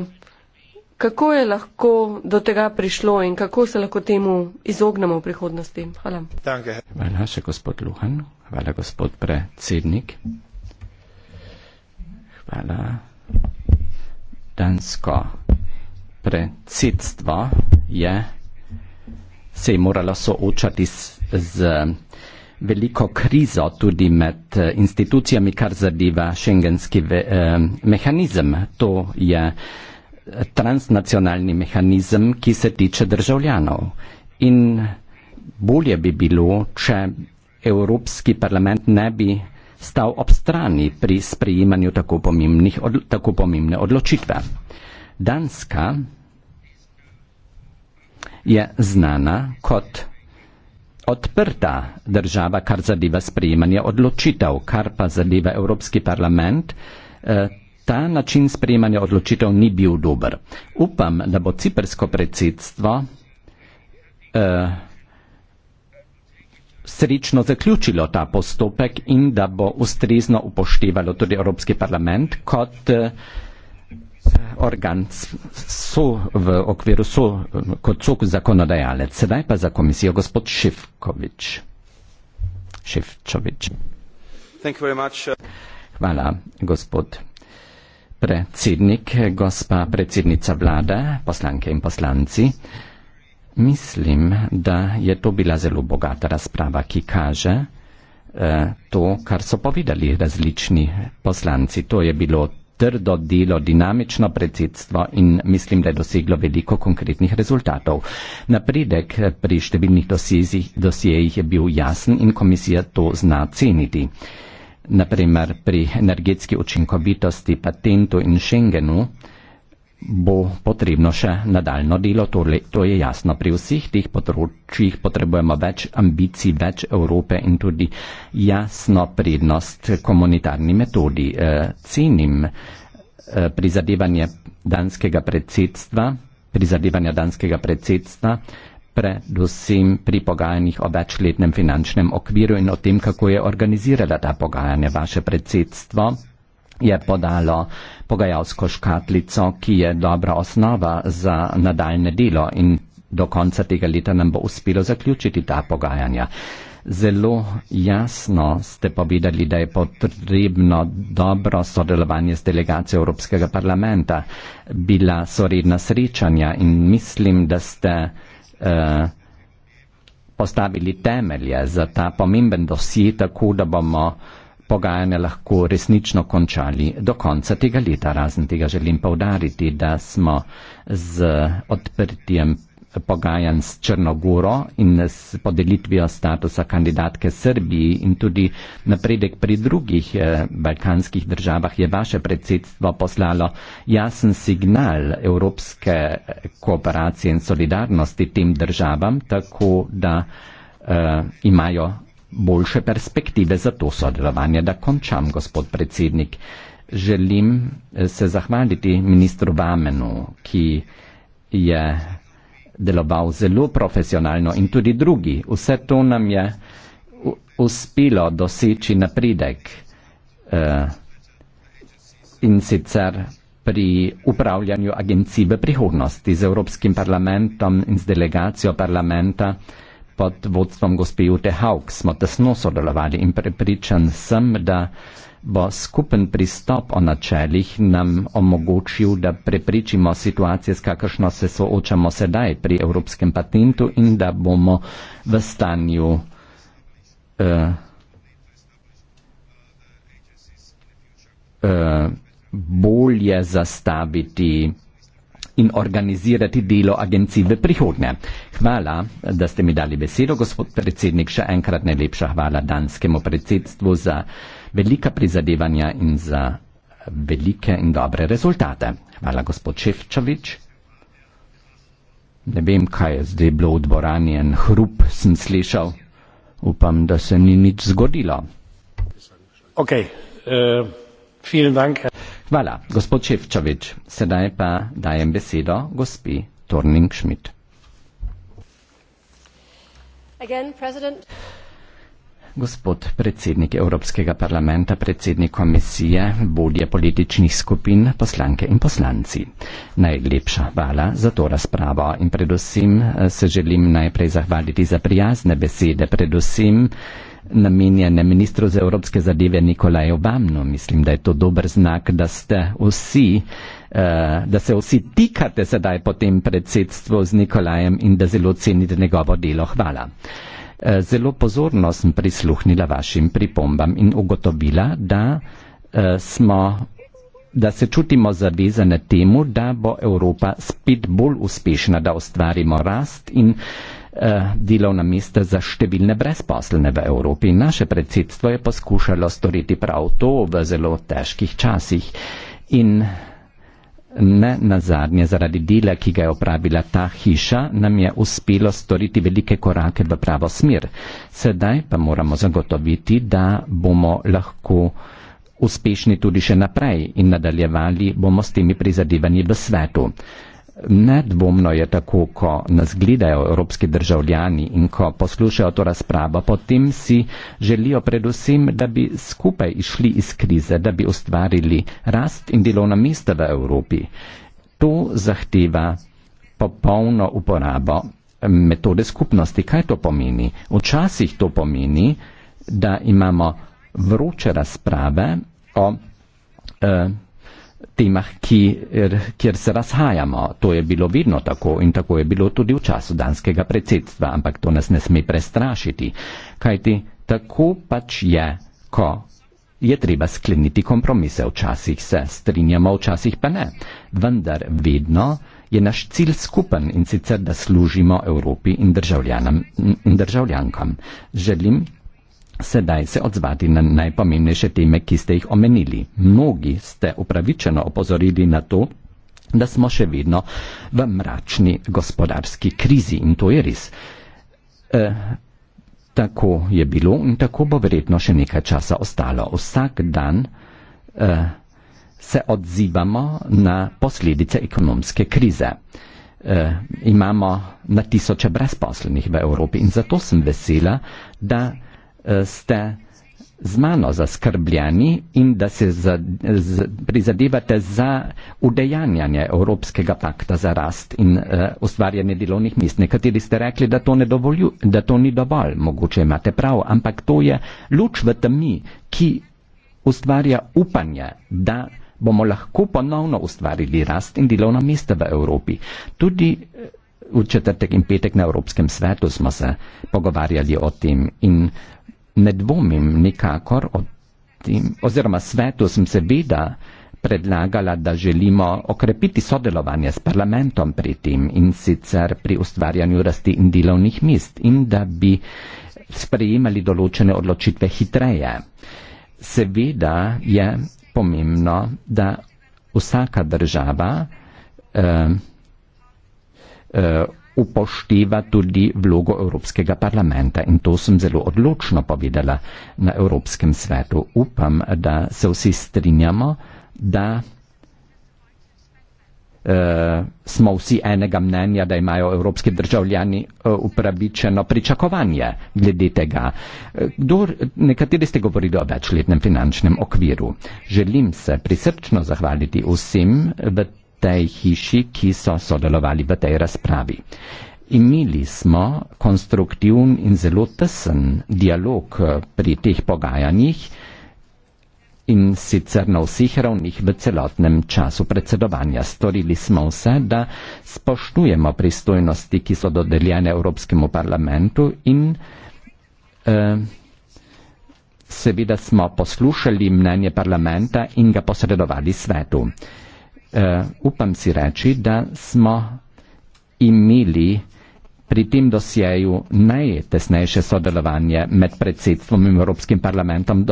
kako je lahko do tega prišlo in kako se lahko temu izognemo v prihodnosti. Hvala. Danke. Hvala še gospod Luhan, hvala gospod predsednik. Hvala dansko predsedstvo je se je moralo soočati s, z veliko krizo tudi med eh, institucijami, kar zadeva šengenski ve, eh, mehanizem. To je eh, transnacionalni mehanizem, ki se tiče državljanov. In bolje bi bilo, če Evropski parlament ne bi stal ob strani pri sprejemanju tako, tako pomembne odločitve. Danska je znana kot odprta država, kar zadeva sprejemanje odločitev, kar pa zadeva Evropski parlament. Eh, Ta način sprejemanja odločitev ni bil dober. Upam, da bo ciprsko predsedstvo eh, srečno zaključilo ta postopek in da bo ustrezno upoštevalo tudi Evropski parlament kot eh, organ so v okviru so, kot so zakonodajalec. Sedaj pa za komisijo gospod Šivkovič. Šivčovič. Hvala, gospod predsednik, gospa predsednica vlade, poslanke in poslanci. Mislim, da je to bila zelo bogata razprava, ki kaže eh, to, kar so povedali različni poslanci. To je bilo trdo delo, dinamično predsedstvo in mislim, da je doseglo veliko konkretnih rezultatov. Napredek pri številnih dosjejih je bil jasen in komisija to zna ceniti. Eh, naprimer pri energetski učinkovitosti, patentu in Schengenu, bo potrebno še nadaljno delo, torej to je jasno. Pri vseh teh področjih potrebujemo več ambicij, več Evrope in tudi jasno prednost komunitarni metodi. E, cenim e, prizadevanje danskega predsedstva, prizadevanja danskega predsedstva, predvsem pri pogajanjih o večletnem finančnem okviru in o tem, kako je organizirala ta pogajanja vaše predsedstvo, je podalo pogajalsko škatlico, ki je dobra osnova za nadaljne delo in do konca tega leta nam bo uspelo zaključiti ta pogajanja. Zelo jasno ste povedali, da je potrebno dobro sodelovanje z delegacijo Evropskega parlamenta. Bila so redna srečanja in mislim, da ste Eh, postavili temelje za ta pomemben dosje, tako da bomo pogajanja lahko resnično končali do konca tega leta. Razen tega želim povdariti, da smo z odprtjem pogajanj s Črnogoro in s podelitvijo statusa kandidatke Srbiji in tudi napredek pri drugih eh, balkanskih državah je vaše predsedstvo poslalo jasen signal evropske eh, kooperacije in solidarnosti tem državam, tako da eh, imajo boljše perspektive za to sodelovanje. Da končam, gospod predsednik. Želim eh, se zahvaliti ministru Vamenu, ki je deloval zelo profesionalno in tudi drugi. Vse to nam je uspelo doseči napredek eh, in sicer pri upravljanju agencij v prihodnosti z Evropskim parlamentom in z delegacijo parlamenta pod vodstvom gospe Jute Haug smo tesno sodelovali in prepričan sem, da bo skupen pristop o načelih nam omogočil, da prepričimo situacije, s kakršno se soočamo sedaj pri Evropskem patentu in da bomo v stanju uh, uh, bolje zastaviti in organizirati delo agencij v prihodnje. Hvala, da ste mi dali besedo, gospod predsednik. Še enkrat najlepša hvala danskemu predsedstvu za velika prizadevanja in za velike in dobre rezultate. Hvala, gospod Ševčovič. Ne vem, kaj je zdaj bilo v dvorani, en hrup sem slišal. Upam, da se ni nič zgodilo. Okay, uh, Hvala, gospod Ševčovič. Sedaj pa dajem besedo gospi Torning Schmidt. Gospod predsednik Evropskega parlamenta, predsednik komisije, vodje političnih skupin, poslanke in poslanci. Najlepša hvala za to razpravo in predvsem eh, se želim najprej zahvaliti za prijazne besede, predvsem namenjene ministru za evropske zadeve Nikolaju Bamnu. Mislim, da je to dober znak, da, vsi, eh, da se vsi tikate sedaj po tem predsedstvu z Nikolajem in da zelo cenite njegovo delo. Hvala. Eh, zelo pozorno sem prisluhnila vašim pripombam in ugotovila, da, eh, smo, da se čutimo zavezane temu, da bo Evropa spet bolj uspešna, da ustvarimo rast in da. Eh, delovna mesta za številne brezposlene v Evropi. Naše predsedstvo je poskušalo storiti prav to v zelo težkih časih in ne na zadnje zaradi dela, ki ga je opravila ta hiša, nam je uspelo storiti velike korake v pravo smer. Sedaj pa moramo zagotoviti, da bomo lahko uspešni tudi še naprej in nadaljevali bomo s temi prizadevanji v svetu. Nedvomno je tako, ko nas gledajo evropski državljani in ko poslušajo to razpravo, potem si želijo predvsem, da bi skupaj išli iz krize, da bi ustvarili rast in delovna mesta v Evropi. To zahteva popolno uporabo metode skupnosti. Kaj to pomeni? Včasih to pomeni, da imamo vroče razprave o. Eh, temah, kjer, er, kjer se razhajamo. To je bilo vedno tako in tako je bilo tudi v času danskega predsedstva, ampak to nas ne sme prestrašiti, kajti tako pač je, ko je treba skleniti kompromise, včasih se strinjamo, včasih pa ne. Vendar vedno je naš cilj skupen in sicer, da služimo Evropi in državljanom in državljankam. Želim sedaj se odzvati na najpomembnejše teme, ki ste jih omenili. Mnogi ste upravičeno opozorili na to, da smo še vedno v mračni gospodarski krizi in to je res. E, tako je bilo in tako bo verjetno še nekaj časa ostalo. Vsak dan e, se odzivamo na posledice ekonomske krize. E, imamo na tisoče brezposlenih v Evropi in zato sem vesela, da ste z mano zaskrbljeni in da se za, z, prizadevate za udejanjanje Evropskega pakta za rast in uh, ustvarjanje delovnih mest. Nekateri ste rekli, da to, dovolju, da to ni dovolj, mogoče imate prav, ampak to je luč v temi, ki ustvarja upanje, da bomo lahko ponovno ustvarili rast in delovna mesta v Evropi. Tudi eh, v četrtek in petek na Evropskem svetu smo se pogovarjali o tem in ne dvomim nikakor o tem, oziroma svetu sem seveda predlagala, da želimo okrepiti sodelovanje s parlamentom pri tem in sicer pri ustvarjanju rasti in delovnih mest in da bi sprejemali določene odločitve hitreje. Seveda je pomembno, da vsaka država eh, eh, upošteva tudi vlogo Evropskega parlamenta in to sem zelo odločno povedala na Evropskem svetu. Upam, da se vsi strinjamo, da uh, smo vsi enega mnenja, da imajo evropski državljani uh, upravičeno pričakovanje glede tega. Eh, Dor, nekateri ste govorili o večletnem finančnem okviru. Želim se prisrčno zahvaliti vsem v tej hiši, ki so sodelovali v tej razpravi. Imeli smo konstruktivn in zelo tesen dialog eh, pri teh pogajanjih in sicer na vseh ravnih v celotnem času predsedovanja. Storili smo vse, da spoštujemo pristojnosti, ki so dodeljene Evropskemu parlamentu in eh, seveda smo poslušali mnenje parlamenta in ga posredovali svetu. Eh, uh, upam si reči, da smo imeli pri tem dosjeju najtesnejše sodelovanje med predsedstvom in Evropskim parlamentom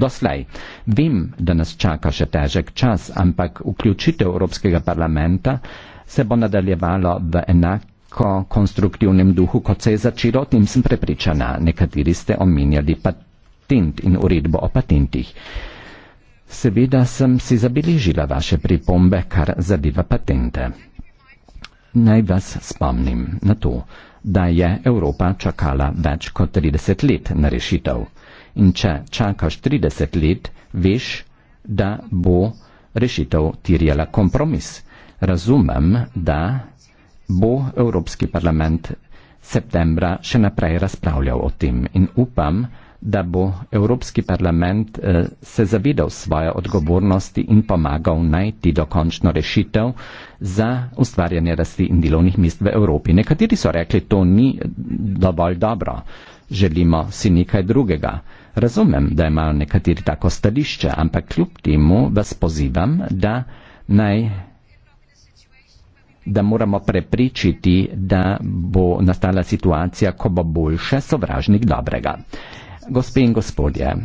doslej. Vem, da nas čaka še težek čas, ampak vključitev Evropskega parlamenta se bo nadaljevalo v enako konstruktivnem duhu, kot se je začelo, o tem sem prepričana. Nekateri ste omenjali patent in uredbo o patentih. Uh, Seveda sem si zabeležila vaše pripombe, kar zadeva patente. Naj vas spomnim na to, da je Evropa čakala več kot 30 let na rešitev. In če čakaš 30 let, veš, da bo rešitev tirjala kompromis. Razumem, da bo Evropski parlament septembra še naprej razpravljal o tem in upam, da da bo Evropski parlament eh, se zavedal svoje odgovornosti in pomagal najti dokončno rešitev za ustvarjanje rasti in delovnih mest v Evropi. Nekateri so rekli, to ni dovolj dobro, želimo si nekaj drugega. Razumem, da imajo nekateri tako stališče, ampak kljub temu vas pozivam, da naj da moramo preprečiti, da bo nastala situacija, ko bo boljše sovražnik dobrega. Gospe in gospodje,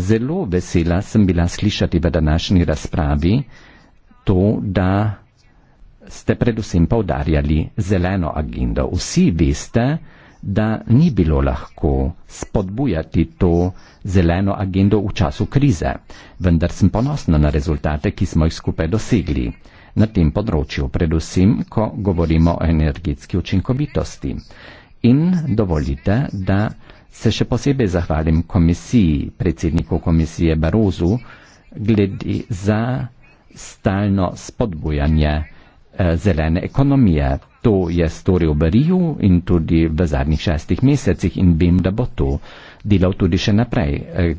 zelo vesela sem bila slišati v današnji razpravi to, da ste predvsem povdarjali zeleno agendo. Vsi veste, da ni bilo lahko spodbujati to zeleno agendo v času krize, vendar sem ponosna na rezultate, ki smo jih skupaj dosegli na tem področju, predvsem, ko govorimo o energetski učinkovitosti. In dovolite, da se še posebej zahvalim komisiji, predsedniku komisije Barozu, glede za stalno spodbujanje eh, zelene ekonomije. To je storil v Riju in tudi v zadnjih šestih mesecih in vem, da bo to delal tudi še naprej. Eh,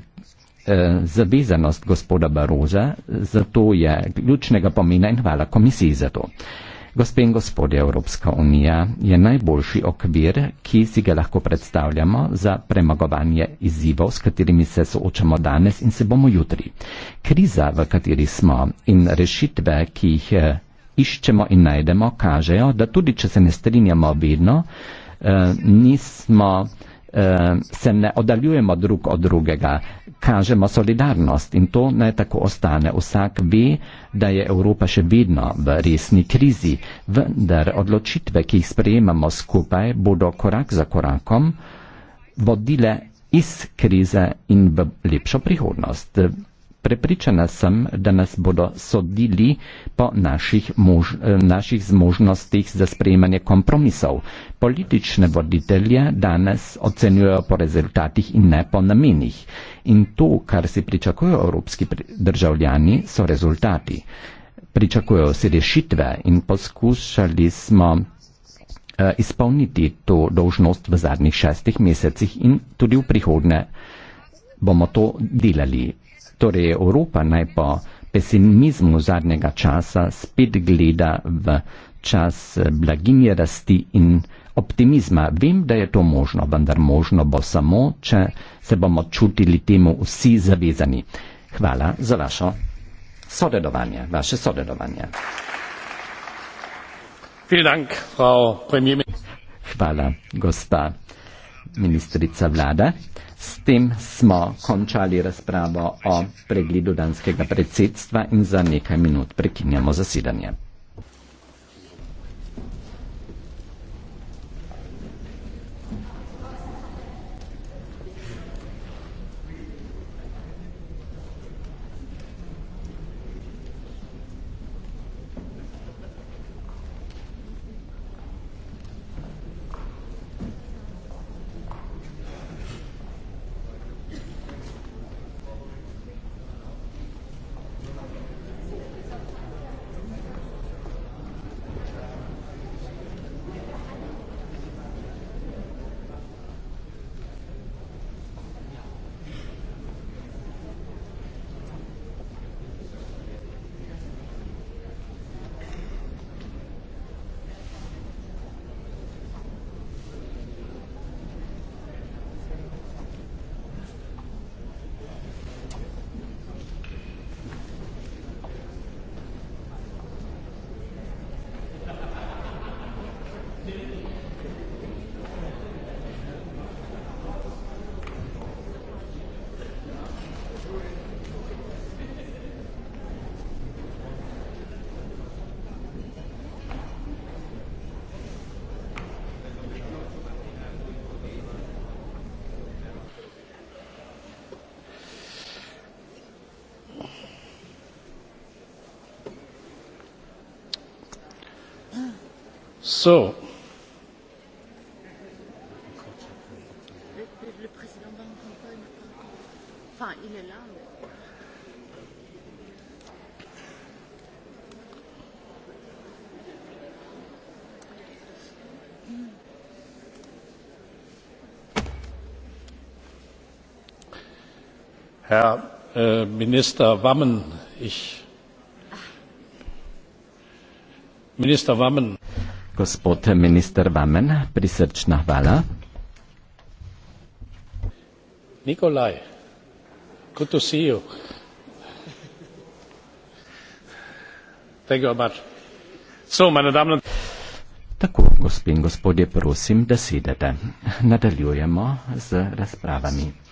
eh, zavezanost gospoda Baroza zato je ključnega pomena in hvala komisiji za to. Gospe in gospodje, Evropska unija je najboljši okvir, ki si ga lahko predstavljamo za premagovanje izzivov, s katerimi se soočamo danes in se bomo jutri. Kriza, v kateri smo in rešitve, ki jih eh, iščemo in najdemo, kažejo, da tudi če se ne strinjamo vedno, eh, nismo. Eh, se ne oddaljujemo drug od drugega, kažemo solidarnost in to naj tako ostane. Vsak ve, da je Evropa še vedno v resni krizi, vendar odločitve, ki jih sprejemamo skupaj, bodo korak za korakom vodile iz krize in v lepšo prihodnost. Prepričana sem, da nas bodo sodili po naših, mož, naših zmožnostih za sprejemanje kompromisov. Politične voditelje danes ocenjujejo po rezultatih in ne po namenih. In to, kar si pričakujejo evropski državljani, so rezultati. Pričakujejo si rešitve in poskušali smo eh, izpolniti to dožnost v zadnjih šestih mesecih in tudi v prihodne bomo to delali. Torej, Evropa naj po pesimizmu zadnjega časa spet gleda v čas blaginje rasti in optimizma. Vem, da je to možno, vendar možno bo samo, če se bomo čutili temu vsi zavezani. Hvala za vašo sodelovanje, vaše sodelovanje. Hvala, gospa ministrica vlade. S tem smo končali razpravo o pregledu danskega predsedstva in za nekaj minut prekinjamo zasedanje. le président van rompuy n'est pas encore enfin il est là mais herr äh, minister wammen ich minister wammen gospod minister Vamen, prisrčna hvala. Nikolaj, good to see you. Thank you very much. So, meine Damen und Tako, gospod in gospodje, prosim, da sedete. Nadaljujemo z razpravami.